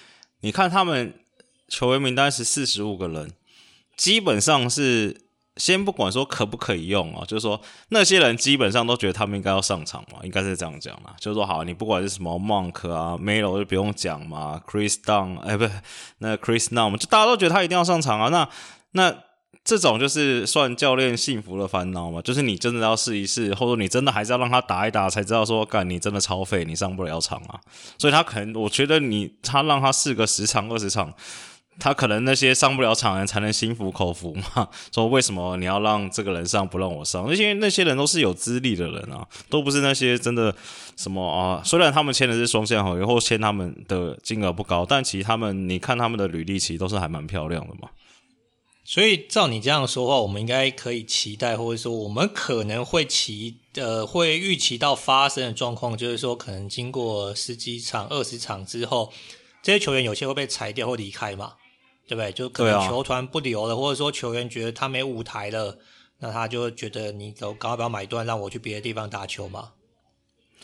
你看他們球員名單是四十五個人，基本上是。先不管說可不可以用啊，就是說那些人基本上都覺得他們應該要上場嘛，應該是這樣講嘛。就是說好、啊，你不管是什麼 Monk 啊、Melo 就不用講嘛，Chris Down，哎，不，那 Chris Now 就大家都覺得他一定要上場啊。那那這種就是算教練幸福的煩惱嘛，就是你真的要試一試，或者你真的還是要讓他打一打才知道說，幹，你真的超廢，你上不了場啊。所以他可能我覺得你他讓他試個十場、二十場。他可能那些上不了場的人才能心服口服嘛？說，為什麼你要讓這個人上，不讓我上？那些那些人都是有資歷的人啊，都不是那些真的什麼啊。雖然他們簽的是雙向合約，以後簽他們的金額不高，但其實他們你看他們的履歷其實都是還蠻漂亮的嘛。所以照你這樣說話，我們應該可以期待，或者說我們可能會期呃會預期到發生的狀況，就是說可能經過十幾場、二十場之後，這些球員有些會被裁掉或離開嘛。對不對？就可能球團不留了，啊，或者說球員覺得他沒舞台了，那他就覺得你搞搞不好買斷，讓我去別的地方打球嘛。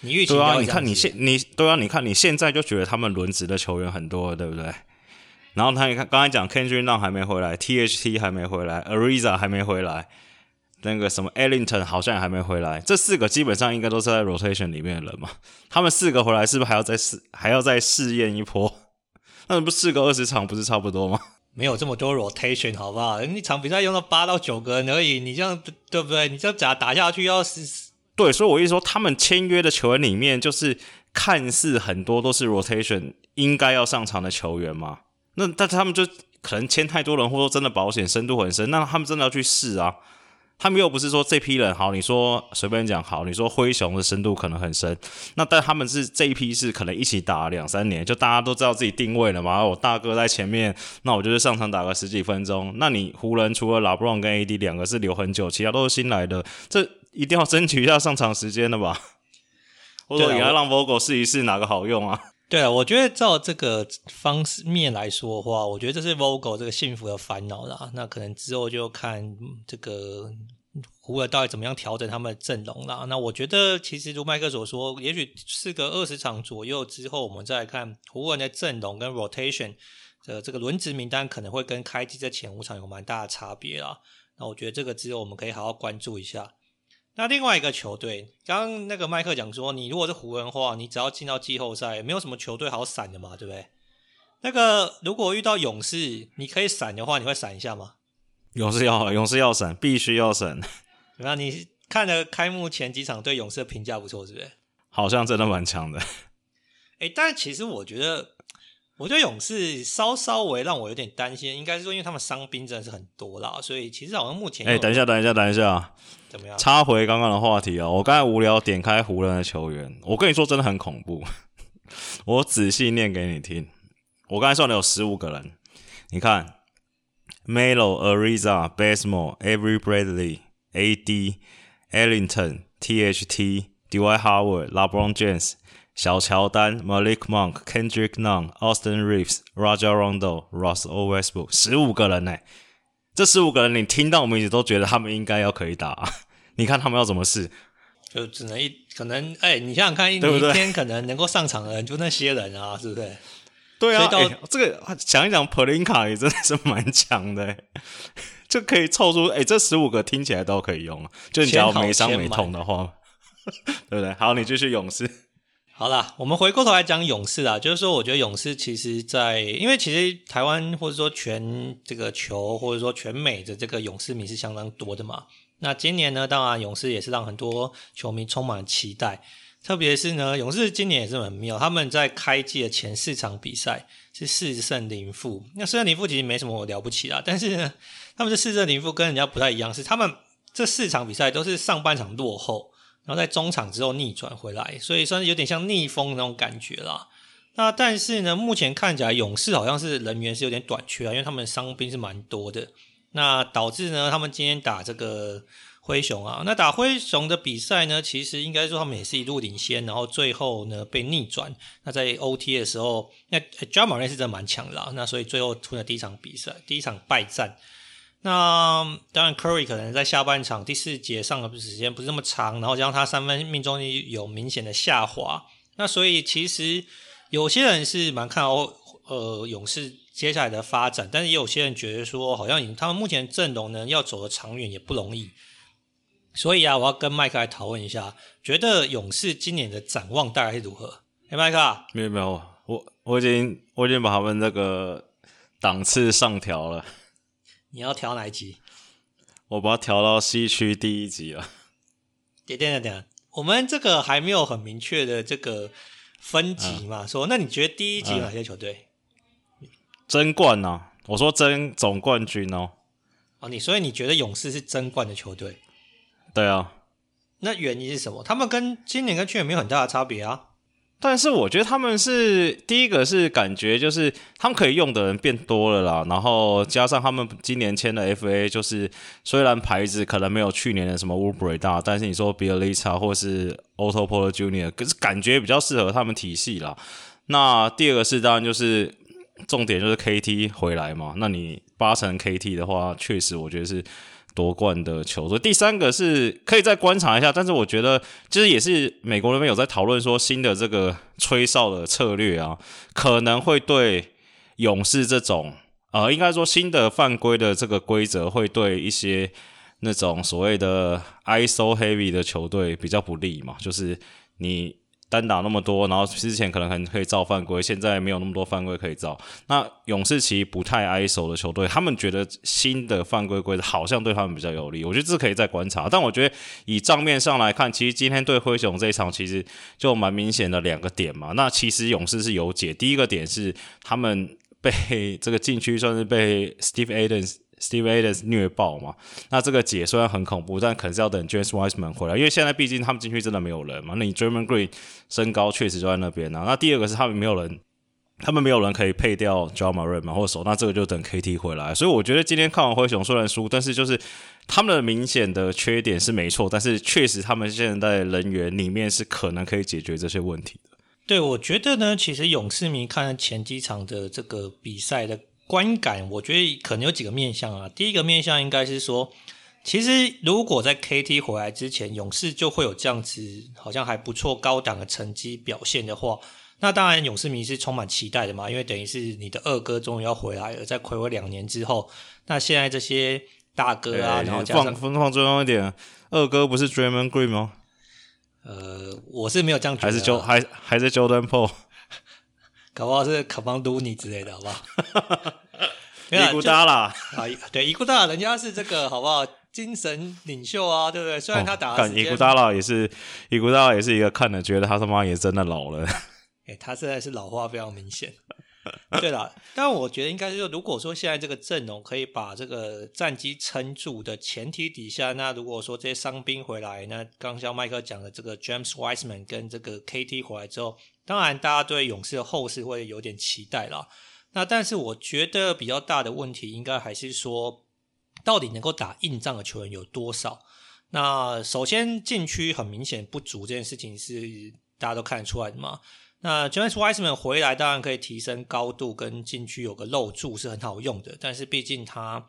你預期要，啊、你看你現你對啊，你看你現在就覺得他們輪值的球員很多了，對不對？然後他一看剛才講 Kendrick Nunn 還沒回來，THT 還沒回來，Ariza 還沒回來，那個什麼 Ellington 好像也還沒回來，這四個基本上應該都是在 rotation 裡面的人嘛。他們四個回來是不是還要再試，還要再試驗一波？那不試個二十場，不是差不多嗎？沒有這麼多 rotation，好不好？你場比賽用到八到九個人而已，你這樣對不對？你這樣假打下去要死死，要是對，所以我意思說，他們簽約的球員裡面，就是看似很多都是 rotation 應該要上場的球員嘛。那但是他們就可能簽太多人，或者說真的保險深度很深，那他們真的要去試啊。他們又不是說這批人好，你說隨便講好，你說灰熊的深度可能很深，那但他們是這一批是可能一起打兩三年，就大家都知道自己定位了嘛。我大哥在前面，那我就是上場打個十幾分鐘。那你湖人除了 LeBron 跟 AD 兩個是留很久，其他都是新來的，這一定要爭取一下上場時間的吧？我說也要讓 Vogel 試一試哪個好用啊。對啊，我覺得照這個方式面來說的話，我覺得這是 VOGO 這個幸福的煩惱了。那可能之後就看這個湖人到底怎麼樣調整他們的陣容了。那我覺得其實如麥克所說，也許是個二十場左右之後，我們再來看湖人的陣容跟 rotation 的這個輪值名單，可能會跟開季的前五場有蠻大的差別啦。那我覺得這個之後我們可以好好關注一下。那另外一個球隊，剛剛那個麥克講說，你如果是湖人的話，你只要進到季後賽，沒有什麼球隊好閃的嘛，對不對？那個如果遇到勇士，你可以閃的話，你會閃一下嗎？勇士要，勇士要閃，必須要閃。那你看了開幕前幾場對勇士的評價不錯，是不是？好像真的蠻強的。哎，但其實我覺得。我覺得勇士稍稍微讓我有點擔心，應該是說，因為他們傷兵真的是很多啦，所以其實好像目前……哎、欸，等一下，等一下，等一下，怎麼樣？插回剛剛的話題啊！我剛才無聊點開湖人的球員，我跟你說真的很恐怖， 我仔細念給你聽。我剛才算了有十五個人，你看：Melo、Ariza、Bazemore、Avery Bradley、A. D.、Ellington、T. H. T.、Dwight Howard、LeBron James。小喬丹、Malik Monk、Kendrick n o n g Austin Reeves、r a j e r Rondo、r o s s o w e c h b o o k 十五個人呢、欸？這十五個人你聽到我們一直都覺得他們應該要可以打、啊。你看他們要怎麼試？就只能一可能哎、欸，你想想看，對對一天可能能夠上場的人就那些人啊，是不是？對啊，欸、這個想一想，普林卡也真的是蠻強的、欸， 就可以湊出哎、欸，這十五個聽起來都可以用、啊、就你只要沒傷沒痛的話，對不對？好，你繼續勇士。嗯好啦，我們回過頭來講勇士啊，就是說，我覺得勇士其實在，在因為其實台灣或者說全這個球或者說全美的這個勇士迷是相當多的嘛。那今年呢，當然勇士也是讓很多球迷充滿了期待。特別是呢，勇士今年也是很妙，他們在開季的前四場比賽是四勝零負。那雖然零負其實沒什麼我了不起啦，但是呢，他們這四勝零負跟人家不太一樣，是他們這四場比賽都是上半場落後。然後在中場之後逆轉回來，所以算是有點像逆風那種感覺啦。那但是呢，目前看起來勇士好像是人員是有點短缺啊，因為他們的傷兵是蠻多的。那導致呢，他們今天打這個灰熊啊，那打灰熊的比賽呢，其實應該說他們也是一路領先，然後最後呢被逆轉。那在 OT 的時候，那 Ja Morant 是真的蠻強啦。那所以最後輸了第一場比賽，第一場敗戰。那當然，Curry 可能在下半場第四節上的時間不是那麼長，然後加上他三分命中率有明顯的下滑，那所以其實有些人是蠻看好呃、勇士接下來的發展，但是也有些人覺得說，好像他們目前陣容呢要走得長遠也不容易。所以啊，我要跟麥克來討論一下，覺得勇士今年的展望大概是如何？哎，麥克，沒有沒有，我我已經我已經把他們那個檔次上調了。你要調哪一級？我把它調到西區第一級了一點點點，我們這個還沒有很明確的這個分級嘛。呃、說，那你覺得第一級哪些球隊？呃、爭冠啊。我說爭總冠軍哦。哦，你所以你覺得勇士是爭冠的球隊？對啊。那原因是什麼？他們跟今年跟去年沒有很大的差別啊。但是我覺得他們是第一個是感覺就是他們可以用的人變多了啦，然後加上他們今年簽的 F A 就是雖然牌子可能沒有去年的什麼 Oubre 大，但是你說 Bjelica 或是 Otto Porter Junior，可是感覺比較適合他們體系啦。那第二個是當然就是重點就是 K T 回來嘛，那你八成 K T 的話，確實我覺得是。奪冠的球隊，第三個是可以再觀察一下，但是我覺得其實也是美國那邊有在討論說新的這個吹哨的策略啊，可能會對勇士這種啊、呃，應該說新的犯規的這個規則會對一些那種所謂的 ISO heavy 的球隊比較不利嘛，就是你，單打那麼多，然後之前可能很可以造犯規，現在沒有那麼多犯規可以造。那勇士其實不太 ISO 的球隊，他們覺得新的犯規規則好像對他們比較有利。我覺得這可以再觀察，但我覺得以賬面上來看，其實今天對灰熊這一場其實就蠻明顯的兩個點嘛。那其實勇士是有解，第一個點是他們被這個禁區算是被 Steve Adams。Steven Adams 虐爆嘛。那這個解雖然很恐怖，但肯定是要等 James Wiseman 回來，因為現在畢竟他們進去真的沒有人嘛。那你 Draymond Green 身高確實就在那邊啊。那第二個是他們沒有人，他們沒有人可以配掉 Ja Morant 嘛或手，那這個就等 KT 回來。所以我覺得今天看完灰熊雖然輸，但是就是他們的明顯的缺點是沒錯，但是確實他們現在人員裡面是可能可以解決這些問題的。對，我覺得呢，其實勇士迷看前幾場的這個比賽的。觀感，我覺得可能有幾個面向啊。第一個面向應該是說，其實如果在 KT 回來之前，勇士就會有這樣子好像還不錯高檔的成績表現的話，那當然勇士迷是充滿期待的嘛。因為等於是你的二哥終於要回來了，在暌違兩年之後，那現在這些大哥啊，然後加上放，放最重要一點，二哥不是 Draymond Green 嗎、哦？呃，我是沒有這樣覺得，還是 Jo 還還是 Jordan Poole。搞不好是卡邦多尼之類的，好不好？伊、 啊、 古達拉，啊，對，伊古達拉，人家是這個，好不好？精神領袖啊，對不對？雖然他打的，但、哦、伊古達拉也是，伊、嗯、古達拉也是一個，看了覺得他他媽也真的老了，誒、欸、他現在是老化非常明顯。 對啦，但我覺得應該是說如果說現在這個陣容可以把這個戰機撐住的前提底下，那如果說這些傷兵回來，那剛剛像麥克講的，這個 James Wiseman 跟這個 KT 回來之後，當然大家對勇士的後勢會有點期待啦。那但是我覺得比較大的問題，應該還是說，到底能夠打硬仗的球員有多少？那首先禁區很明顯不足，這件事情是大家都看得出來的嘛。那 James Wiseman 回來當然可以提升高度，跟禁區有個漏柱是很好用的，但是畢竟他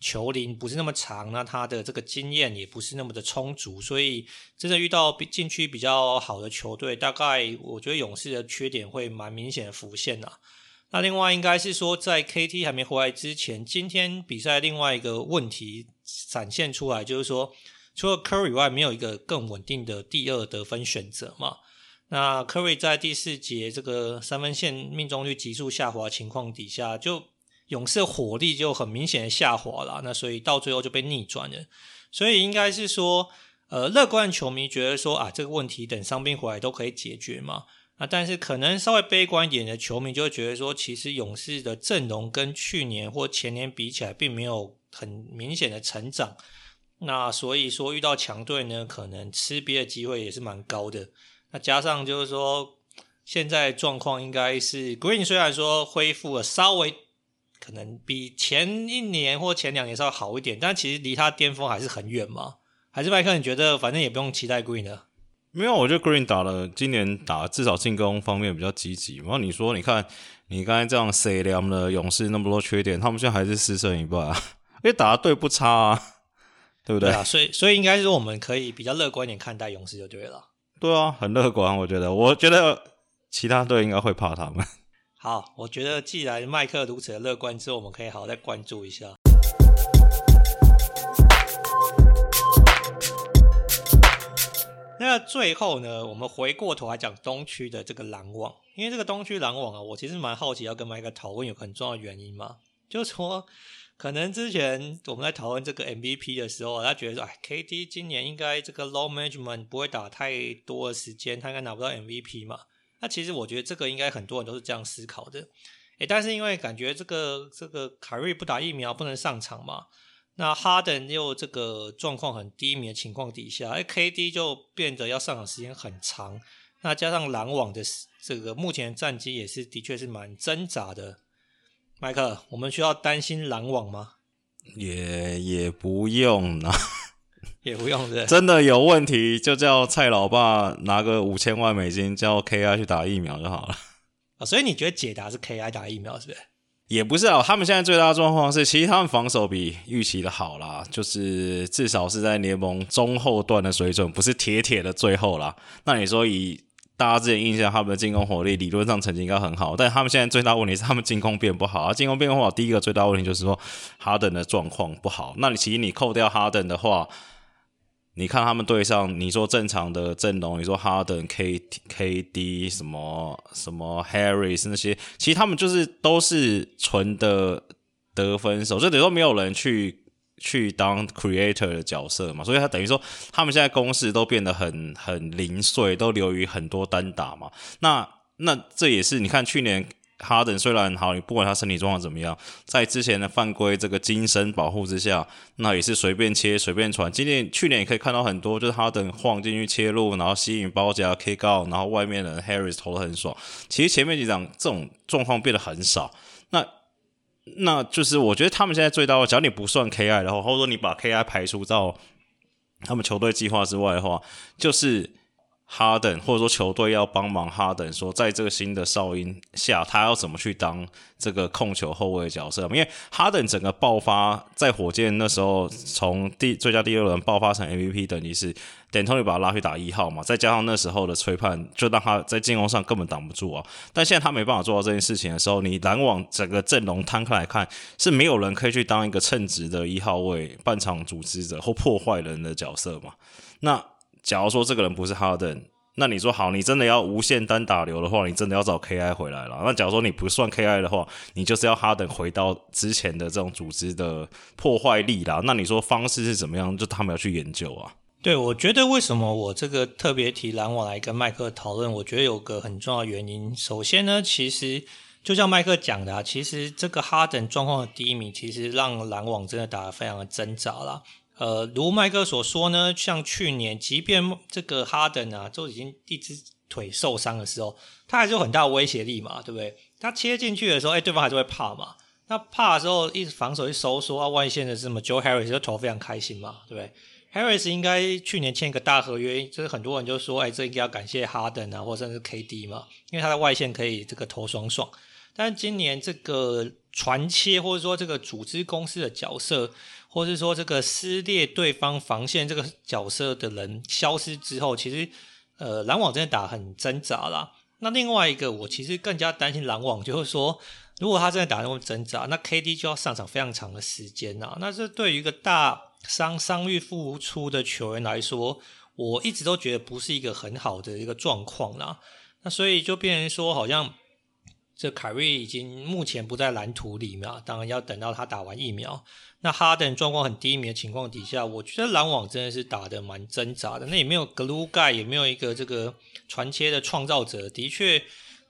球齡不是那麼長，那他的這個經驗也不是那麼的充足，所以真的遇到比禁區比較好的球隊，大概我覺得勇士的缺點會蠻明顯的浮現啦。那另外應該是說，在 KT 還沒回來之前，今天比賽另外一個問題展現出來，就是說除了 Curry 以外，沒有一個更穩定的第二得分選擇嘛。那科瑞在第四節這個三分線命中率急速下滑的情況底下，就勇士火力就很明顯的下滑了，啊。那所以到最後就被逆轉了。所以應該是說，呃，樂觀的球迷覺得說啊，這個問題等傷兵回來都可以解決嘛，啊。那但是可能稍微悲觀一點的球迷就會覺得說，其實勇士的陣容跟去年或前年比起來，並沒有很明顯的成長。那所以說遇到強隊呢，可能吃癟的機會也是蠻高的。加上就是說，現在狀況應該是 Green 雖然說恢復了，稍微可能比前一年或前兩年稍微好一點，但其實離他巔峰還是很遠嘛。還是麥克，你覺得反正也不用期待 Green？沒有，我覺得 Green 打了今年打至少進攻方面比較積極。然後你說，你看你剛才這樣 C 聯盟的勇士那麼多缺點，他們現在還是四勝一敗、啊，因為打的隊不差，啊，對不對，對啊？所以所以應該是說我們可以比較樂觀一點看待勇士就對了。對啊，很樂觀，我覺得，我覺得其他隊應該會怕他們。好，我覺得既然麥克如此的樂觀之後，我們可以好好再關注一下。嗯、那個、最後呢，我們回過頭來講東區的這個籃網，因為這個東區籃網啊，我其實蠻好奇要跟麥克討論有很重要的原因嘛，就是說。可能之前我們在討論這個 MVP 的時候，他覺得說，哎，KD 今年應該這個 low management 不會打太多的時間，他應該拿不到 MVP 嘛。那其實我覺得這個應該很多人都是這樣思考的。哎，但是因為感覺這個這個凱瑞不打疫苗不能上場嘛，那哈登又這個狀況很低迷的情況底下，KD 就變得要上場時間很長。那加上籃網的這個目前的戰績也是的確是蠻掙扎的。麥克，我們需要擔心籃網嗎？也也不用啦， 也不用對。真的有問題，就叫蔡老爸拿個五千萬美金叫 KI 去打疫苗就好了啊、哦。所以你覺得解答是 KI 打疫苗是不是？也不是啊，他們現在最大的狀況是，其實他們防守比預期的好啦，就是至少是在聯盟中後段的水準，不是鐵鐵的最後啦。那你說以。大家之前印象他們的進攻火力理論上成績應該很好，但他們現在最大問題是他們進攻變不好。啊，進攻變不好，第一個最大問題就是說哈登的狀況不好。那你其實你扣掉哈登的話，你看他們隊上，你說正常的陣容，你說哈登 K K D 什麼什麼 Harris 那些，其實他們就是都是純的得分手，就等於說沒有人去。去當 creator 的角色嘛，所以他等於說，他們現在攻勢都變得很很零碎，都流於很多單打嘛那。那那這也是你看去年哈登雖然很好，你不管他身體狀況怎麼樣，在之前的犯規這個精神保護之下，那也是隨便切隨便傳。今年去年也可以看到很多，就是哈登晃進去切入，然後吸引包夾，kick out，Kick out，然後外面的 Harris 投的很爽。其實前面幾場這種狀況變得很少。那那就是我覺得他們現在最大的，只要你不算 KI 的話，或者說你把 KI 排除到他們球隊計劃之外的話，就是，哈登，或者說球隊要幫忙哈登，說在這個新的哨音下，他要怎麼去當這個控球後衛的角色。因為哈登整個爆發在火箭那時候，從第最佳第二輪爆發成 MVP，等於是點 e 就把他拉去打一號嘛。再加上那時候的吹判，就讓他在進攻上根本擋不住啊。但現在他沒辦法做到這件事情的時候，你籃網整個陣容攤開來看，是沒有人可以去當一個稱職的一號位、半場組織者或破壞人的角色嘛？那。假如說這個人不是哈登，那你說好，你真的要無限單打流的話，你真的要找 KI 回來了。那假如說你不算 KI 的話，你就是要哈登回到之前的這種組織的破壞力啦。那你說方式是怎麼樣？就他們要去研究啊。對，我覺得為什麼我這個特別提籃網來跟麥克討論，我覺得有個很重要的原因。首先呢，其實就像麥克講的，啊，其實這個哈登狀況的低迷，其實讓籃網真的打得非常的掙扎啦。呃，如麥哥所說呢，像去年，即便這個哈登啊，都已經一只腿受傷的時候，他還是有很大的威脅力嘛，對不對？他切進去的時候，誒，對方還是會怕嘛。那怕的時候，一直防守一收縮啊，外線的是什麼 Joe Harris 就投非常開心嘛，對不對？Harris 應該去年簽一個大合約，就是很多人就說，誒，這應該要感謝哈登啊，或甚至 KD 嘛，因為他的外線可以這個投爽爽。但今年這個傳切或者說這個組織公司的角色。或是說這個撕裂對方防線這個角色的人消失之後，其實，呃，籃網真的打得很掙扎啦，那另外一個，我其實更加擔心籃網，就是說，如果他真的打那麼掙扎，那 KD 就要上場非常長的時間啊。那這對於一個大傷傷愈復出的球員來說，我一直都覺得不是一個很好的一個狀況啦。那所以就變成說，好像。這凱瑞已經目前不在藍圖裡嘛，當然要等到他打完疫苗。那哈登狀況很低迷的情況底下，我覺得籃網真的是打得蠻掙扎的。那也沒有 Glue Guy，也沒有一個這個傳切的創造者，的確，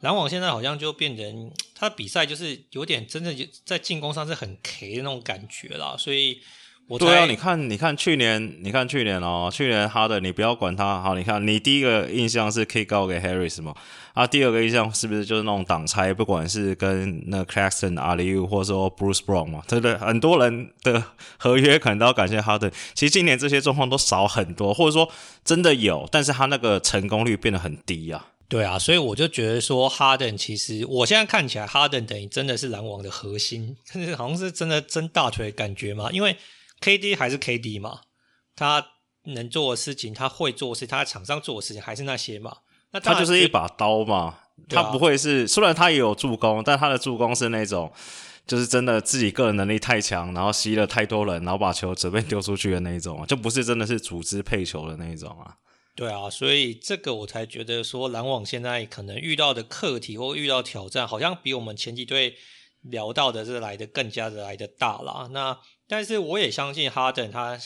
籃網現在好像就變成他比賽就是有點真的就在進攻上是很 K 的那種感覺啦。所以。我對啊，你看，你看去年，你看去年哦、喔，去年哈登，你不要管他，好，你看你第一個印象是 kick out 給 Harris 嘛，啊，第二個印象是不是就是那種擋拆，不管是跟那 Claxton、阿里烏，或者說 Bruce Brown 嘛，對，對對，很多人的合約可能都要感謝哈登。其實今年這些狀況都少很多，或者說真的有，但是他那個成功率變得很低啊。對啊，所以我就覺得說，哈登其實我現在看起來，哈登等於真的是籃網的核心，但是好像是真的真大腿的感覺嘛，因為。KD 還是 KD 嘛，他能做的事情，他會做的事情，他在場上做的事情，還是那些嘛。那他，他就是一把刀嘛，他不會是，啊，雖然他也有助攻，但他的助攻是那種，就是真的自己個人能力太強，然後吸了太多人，然後把球隨便丟出去的那一種，就不是真的是組織配球的那一種啊。對啊，所以這個我才覺得說，籃網現在可能遇到的課題或遇到挑戰，好像比我們前幾隊聊到的是來的更加的來的大了。那但是我也相信哈登，他就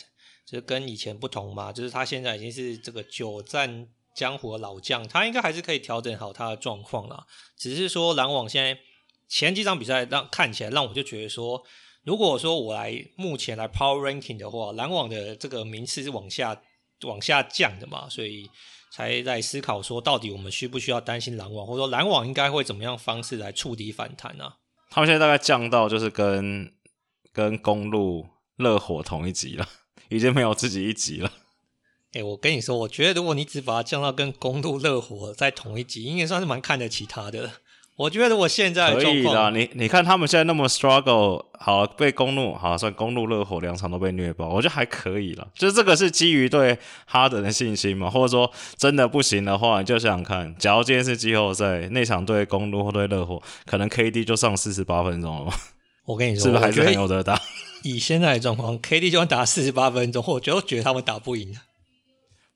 是跟以前不同嘛，就是他現在已經是這個久戰江湖的老將，他應該還是可以調整好他的狀況啦。只是說籃網現在前幾場比賽讓看起來讓我就覺得說，如果說我來目前來 power ranking 的話，籃網的這個名次是往下往下降的嘛，所以才在思考說，到底我們需不需要擔心籃網，或者說籃網應該會怎麼樣方式來觸底反彈呢、啊？他們現在大概降到就是跟。跟公鹿熱火同一級了，已經沒有自己一級了。哎、欸，我跟你說，我覺得如果你只把它降到跟公鹿熱火在同一級，應該算是蠻看得起他的。我覺得我現在可以啦，你你看他們現在那麼 struggle，好被公鹿好，算公鹿熱火兩場都被虐爆，我覺得還可以了。就這個是基於對哈登的信心嘛，或者說真的不行的話，你就想想看，假如今天是季後賽，那場對公鹿或對熱火，可能 KD 就上四十八分鐘了嘛。我跟你說，是不是還是很有得打？我覺得以現在的狀況 ，KD 就算打四十八分鐘，我就覺得他們打不贏的。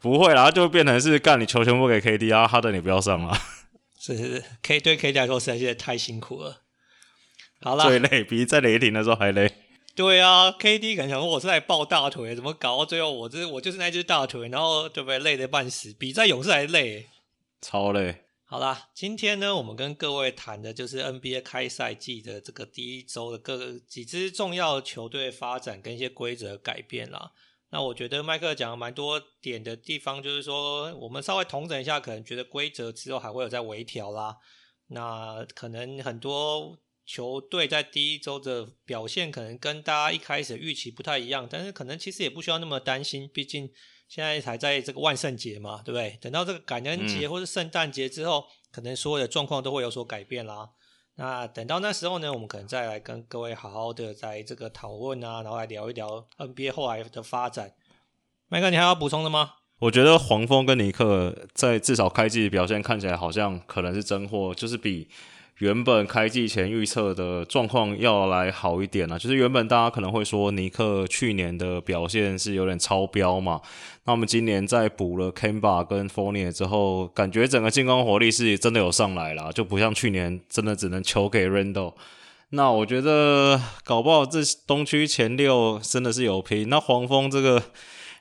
不會啦，就會變成是幹你球全部給 KD，啊，哈登你不要上嘛、啊。是是是，K 對 KD 來說實在是太辛苦了。好啦，最累比在雷霆的時候還累。對啊，KD 感想說我是在抱大腿，怎麼搞到最後我這我就是那只大腿，然後就被累得半死，比在勇士還累，超累。好啦，今天呢，我們跟各位談的就是 NBA 開賽季的這個第一周的各個幾支重要球隊發展跟一些規則改變啦。那我覺得麥克講了蠻多點的地方，就是說我們稍微統整一下，可能覺得規則之後還會有再微調啦。那可能很多球隊在第一周的表現，可能跟大家一開始的預期不太一樣，但是可能其實也不需要那麼擔心，畢竟。現在才在這個萬聖節嘛，對不對？等到這個感恩節或者聖誕節之後、嗯，可能所有的狀況都會有所改變啦。那等到那時候呢，我們可能再來跟各位好好的在這個討論啊，然後來聊一聊 NBA 後來的發展。麥克，你還要補充的嗎？我覺得黃蜂跟尼克在至少開季的表現看起來好像可能是真貨，就是比。原本開季前預測的狀況要來好一點啦，就是原本大家可能會說尼克去年的表現是有點超標嘛，那我們今年再補了 Kemba 跟 Fournier 之後，感覺整個進攻活力是真的有上來啦，就不像去年真的只能球給 Randle。那我覺得搞不好這東區前六真的是有拼，那黃蜂這個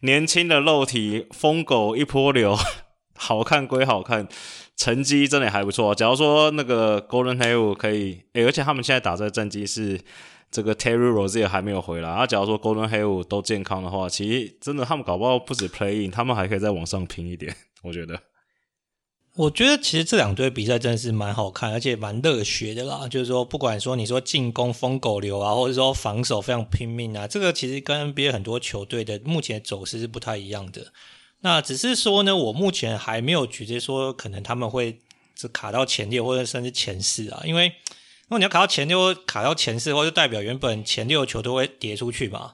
年輕的肉體瘋狗一波流，好看歸好看。成績真的還不錯，啊。假如說那個 Gordon Hayward 可以，欸，而且他們現在打這個戰績是這個 Terry Rozier 還沒有回來。然，啊、假如說 Gordon Hayward 都健康的話，其實真的他們搞不好不止 Play In，他們還可以再往上拼一點。我覺得，我覺得其實這兩隊比賽真的是蠻好看，而且蠻熱血的啦。就是說，不管說你說進攻瘋狗流啊，或者說防守非常拼命啊，這個其實跟 NBA 很多球隊的目前的走勢是不太一樣的。那只是說呢，我目前還沒有覺得說可能他們會只卡到前六或者甚至前四啊，因為如果你要卡到前六、卡到前四的話，就代表原本前六球隊會跌出去嘛。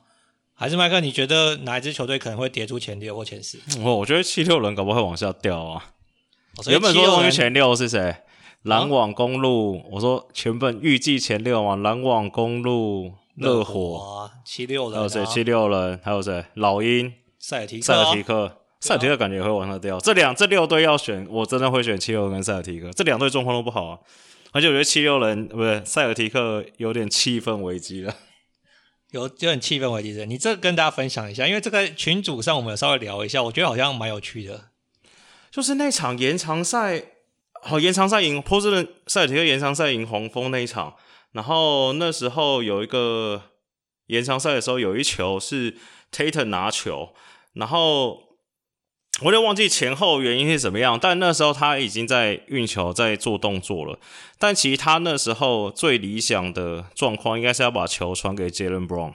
還是麥克，你覺得哪一支球隊可能會跌出前六或前四？哦、嗯，我覺得七六人搞不好往下掉啊。哦、原本說的前六是誰？籃網、公路。嗯、我說原本預計前六嘛，籃網、公路、熱火、啊熱火七啊、七六人，還有誰？七六人還有誰？老鷹、賽爾提、賽爾提克。賽啊、賽爾提克感覺也會往下掉。這兩這六隊要選，我真的會選七六跟賽爾提克這兩隊狀況都不好，啊，而且我覺得七六人不是賽爾提克有點氣氛危機了。有，有點氣氛危機的。你這跟大家分享一下，因為這個群組上我們有稍微聊一下，我覺得好像蠻有趣的。就是那場延長賽，好，哦，延長賽贏波士頓賽爾提克延長賽贏黃蜂那一場，然後那時候有一個延長賽的時候，有一球是 Tatum 拿球，然後。我有點忘記前後原因是什麼樣，但那時候他已經在運球，在做動作了。但其實他那時候最理想的狀況應該是要把球傳給傑倫·布朗，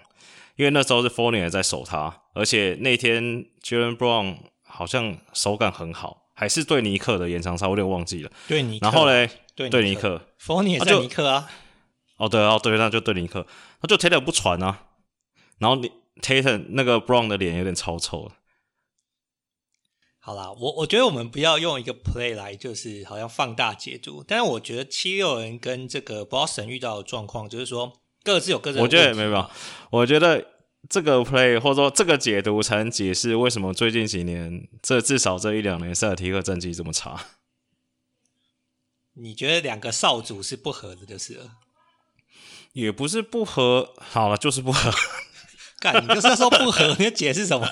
因為那時候是 f o 福尼爾在守他，而且那天傑倫·布朗好像手感很好，還是對尼克的延長賽，我有點忘記了。對尼克，然後嘞，對尼克，福尼爾在尼克啊。哦對哦、啊、對，那就對尼克，他就 Tatum 不傳啊。然後你 Tatum 那個布朗的臉有點超臭了。好啦，我我覺得我們不要用一個 play 來就是好像放大解讀，但是我覺得七六人跟這個 Boston 遇到的狀況就是說各自有各自，我覺得也沒，沒有我覺得這個 play 或者說這個解讀才能解釋為什麼最近幾年，這至少這一兩年，塞爾提克戰績這麼差。你覺得兩個少主是不合的，就是了？也不是不合。好了，就是不合。 幹，你就是說不合， 你要解釋什麼？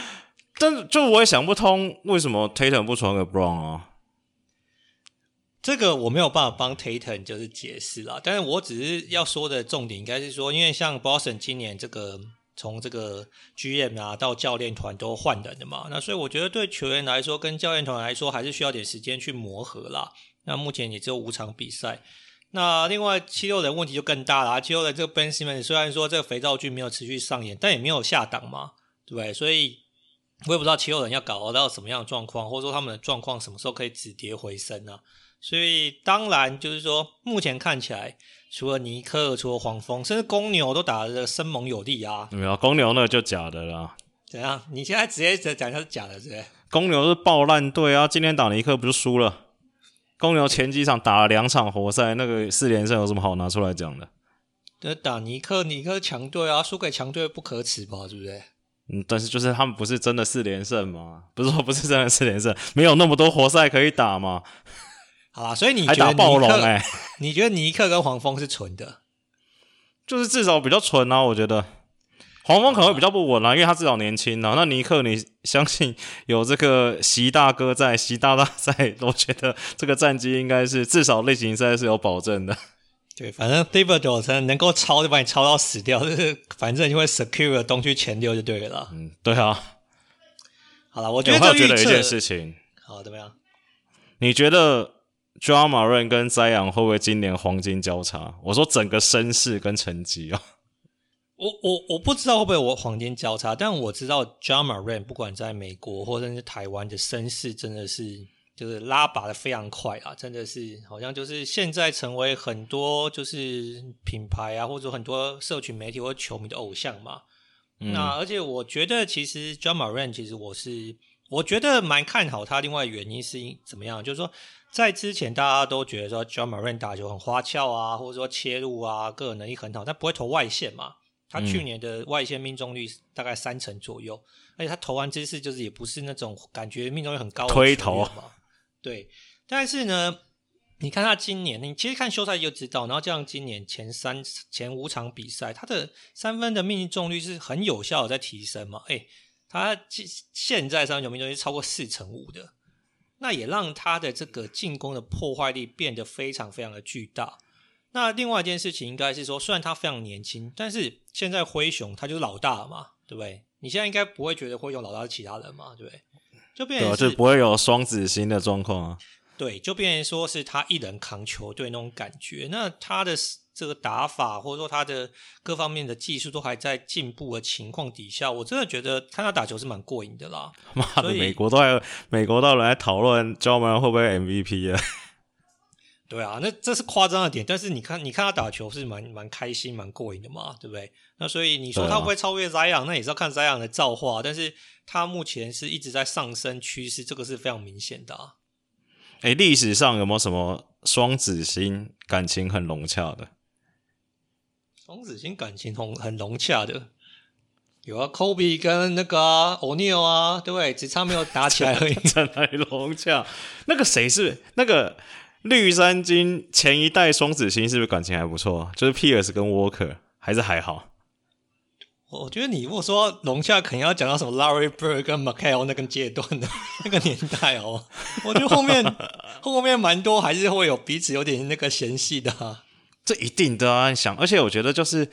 但就我也想不通，為什麼 Tatum 不傳給 Brown 啊？這個我沒有辦法幫 Tatum 就是解釋了。但是我只是要說的重點，應該是說，因為像 Boston 今年這個從這個 GM 啊到教練團都換人的嘛，那所以我覺得對球員來說，跟教練團來說，還是需要點時間去磨合啦。那目前也只有五場比賽。那另外七六人問題就更大啦。七六人這個 Ben Simmons 雖然說這個肥皂劇沒有持續上演，但也沒有下檔嘛，對不對？所以。我也不知道其他人要搞得到什麼樣的狀況，或者說他們的狀況什麼時候可以止跌回升呢、啊？所以當然就是說，目前看起來，除了尼克，除了黃蜂，甚至公牛都打的生猛有力啊。沒有、啊、公牛那就假的啦。怎樣？你現在直接再講一下是假的是是，對不對？公牛是爆爛隊啊！今天打尼克不就輸了？公牛前幾場打了兩場活塞，那個四連勝有什麼好拿出來講的？那、就是、打尼克，尼克強隊啊，輸給強隊不可恥吧？對不對？嗯，但是就是他們不是真的四連勝嗎？不是說不是真的四連勝，沒有那麼多活塞可以打嗎？好啦，所以你，還打、欸、你覺得暴龍哎，你覺得尼克跟黃蜂是純的？就是至少比較純啊，我覺得黃蜂可能會比較不穩啊，啊因為他至少年輕呢、啊。那尼克，你相信有這個習大哥在，習大大在，我覺得這個戰績應該是至少類型賽是有保證的。對，反正 d i v i d e 能夠抄就把你抄到死掉，就是反正就會 secure 東區前六就對了。嗯，對啊。好了，我最後、欸、覺得一件事情，好，怎麼樣？你覺得 Ja Morant 跟 Zion 會不會今年黃金交叉？我說整個聲勢跟成績啊，我我我不知道會不會有黃金交叉，但我知道 Ja Morant 不管在美國或者是台灣的聲勢真的是。就是拉拔的非常快啊，真的是好像就是現在成為很多就是品牌啊，或者說很多社群媒體或者球迷的偶像嘛。嗯、那而且我覺得其實 Ja Morant 其實我是我覺得蠻看好他。另外的原因是怎麼樣？就是說在之前大家都覺得說 Ja Morant 打球很花俏啊，或者說切入啊，個人能力很好，但不會投外線嘛。他去年的外線命中率大概三成左右，嗯、而且他投籃姿勢就是也不是那種感覺命中率很高的推投對，但是呢，你看他今年，你其實看休賽也就知道，然後就像今年前三、前五場比賽，他的三分的命中率是很有效的在提升嘛，哎，他現現在三分球命中率是超過四成五的，那也讓他的這個進攻的破壞力變得非常非常的巨大。那另外一件事情應該是說，雖然他非常年輕，但是現在灰熊他就是老大嘛，對不對？你現在應該不會覺得灰熊老大是其他人嘛，對不對？就變成，就不會有雙子星的狀況啊。對，就變成說是他一人扛球隊那種感覺。那他的這個打法，或者說他的各方面的技術都還在進步的情況底下，我真的覺得看他，他打球是蠻過癮的啦。媽的，美國都還美國都來討論詹姆斯會不會 MVP 啊。對啊，那這是誇張的點，但是你看，你看他打球是蠻蠻開心、蠻過癮的嘛，對不對？那所以你說他不會超越 Zion，那也是要看 Zion 的造化。但是他目前是一直在上升趨勢，這個是非常明顯的啊。哎，歷史上有沒有什麼雙子星感情很融洽的？雙子星感情很很融洽的有啊，Kobe 跟那個、啊、O'Neal 啊，對不對？只差沒有打起來，很 融洽。 那個誰是那個？綠衫軍前一代雙子星是不是感情還不錯？就是 Pierce 跟 Walker 還是還好。我覺得你如果說龍下肯定要講到什麼 Larry Bird 跟 McHale 那個階段的那個年代哦，我覺得後面 後面蠻多還是會有彼此有點那個嫌隙的、啊。這一定都要、啊、想，而且我覺得就是這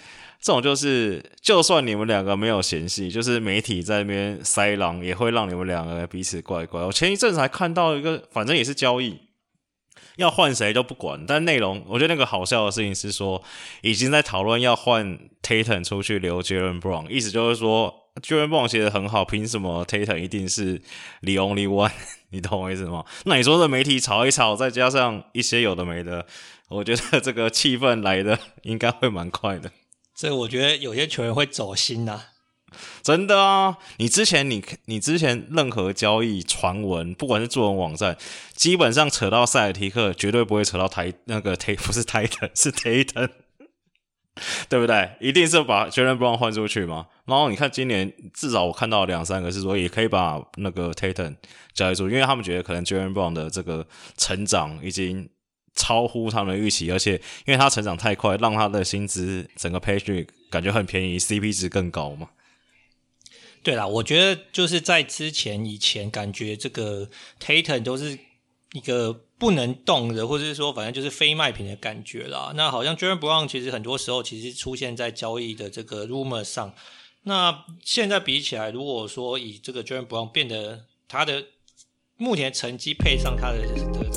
種就是，就算你們兩個沒有嫌隙，就是媒體在那邊塞狼，也會讓你們兩個彼此怪怪。我前一陣子還看到一個，反正也是交易。要換誰都不管，但內容我覺得那個好笑的事情是說，已經在討論要換 Tatum 出去留 Jaylen Brown，意思就是說 Jaylen Brown 寫的很好，憑什麼 Tatum 一定是 the only one？ 你懂我意思嗎？那你說這媒體吵一吵，再加上一些有的沒的，我覺得這個氣氛來的應該會蠻快的。所以我覺得有些球員會走心吶、啊。真的啊！你之前你你之前任何交易傳聞，不管是作文網站，基本上扯到塞爾提克，絕對不會扯到台那個 Tay, 不是泰坦是 Tatum 對不對？一定是把傑倫布朗換出去嘛。然後你看今年至少我看到兩三個是說也可以把那個 Tatum 交易出去，因為他們覺得可能傑倫布朗的這個成長已經超乎他們的預期，而且因為他成長太快，讓他的薪資整個 payroll 感覺很便宜，CP 值更高嘛。對啦，我覺得就是在之前以前，感覺這個 Tatum 都是一個不能動的，或者是說，反正就是非賣品的感覺啦。那好像 Jaylen Brown 其實很多時候其實出現在交易的這個 rumor 上。那現在比起來，如果說以這個 Jaylen Brown 變得他的目前的成績配上他的這個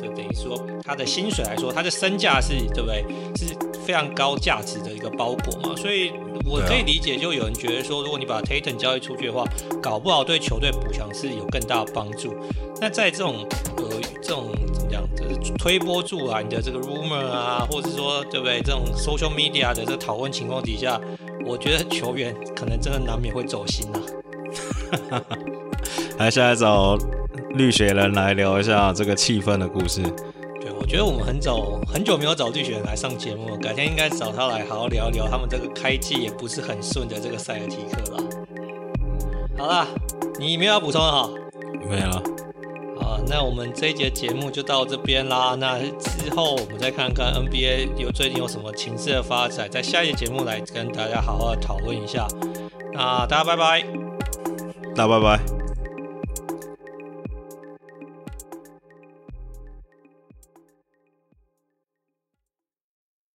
這個等於說他的薪水來說，他的身價是對不對？是。非常高價值的一個包裹嘛，所以我可以理解，就有人覺得說，如果你把 Tatum 交易出去的話，搞不好對球隊補強是有更大的幫助。那在這種呃，這種怎麼講，就是推波助瀾的這個 rumor 啊，或者說對不對，這種 social media 的這個討論情況底下，我覺得球員可能真的難免會走心啊。來， 下來找綠血人來聊一下這個氣氛的故事。對，我覺得我們很早很久沒有找綠巨人來上節目，改天應該找他來好好聊一聊他們這個開季也不是很順的這個賽爾提克了。好了，你沒有要補充哈？沒有了。好，那我們這一節節目就到這邊啦。那之後我們再看看 NBA 有最近有什麼情勢的發展，在下一節節目來跟大家好好討論一下。那大家拜拜，大家拜拜。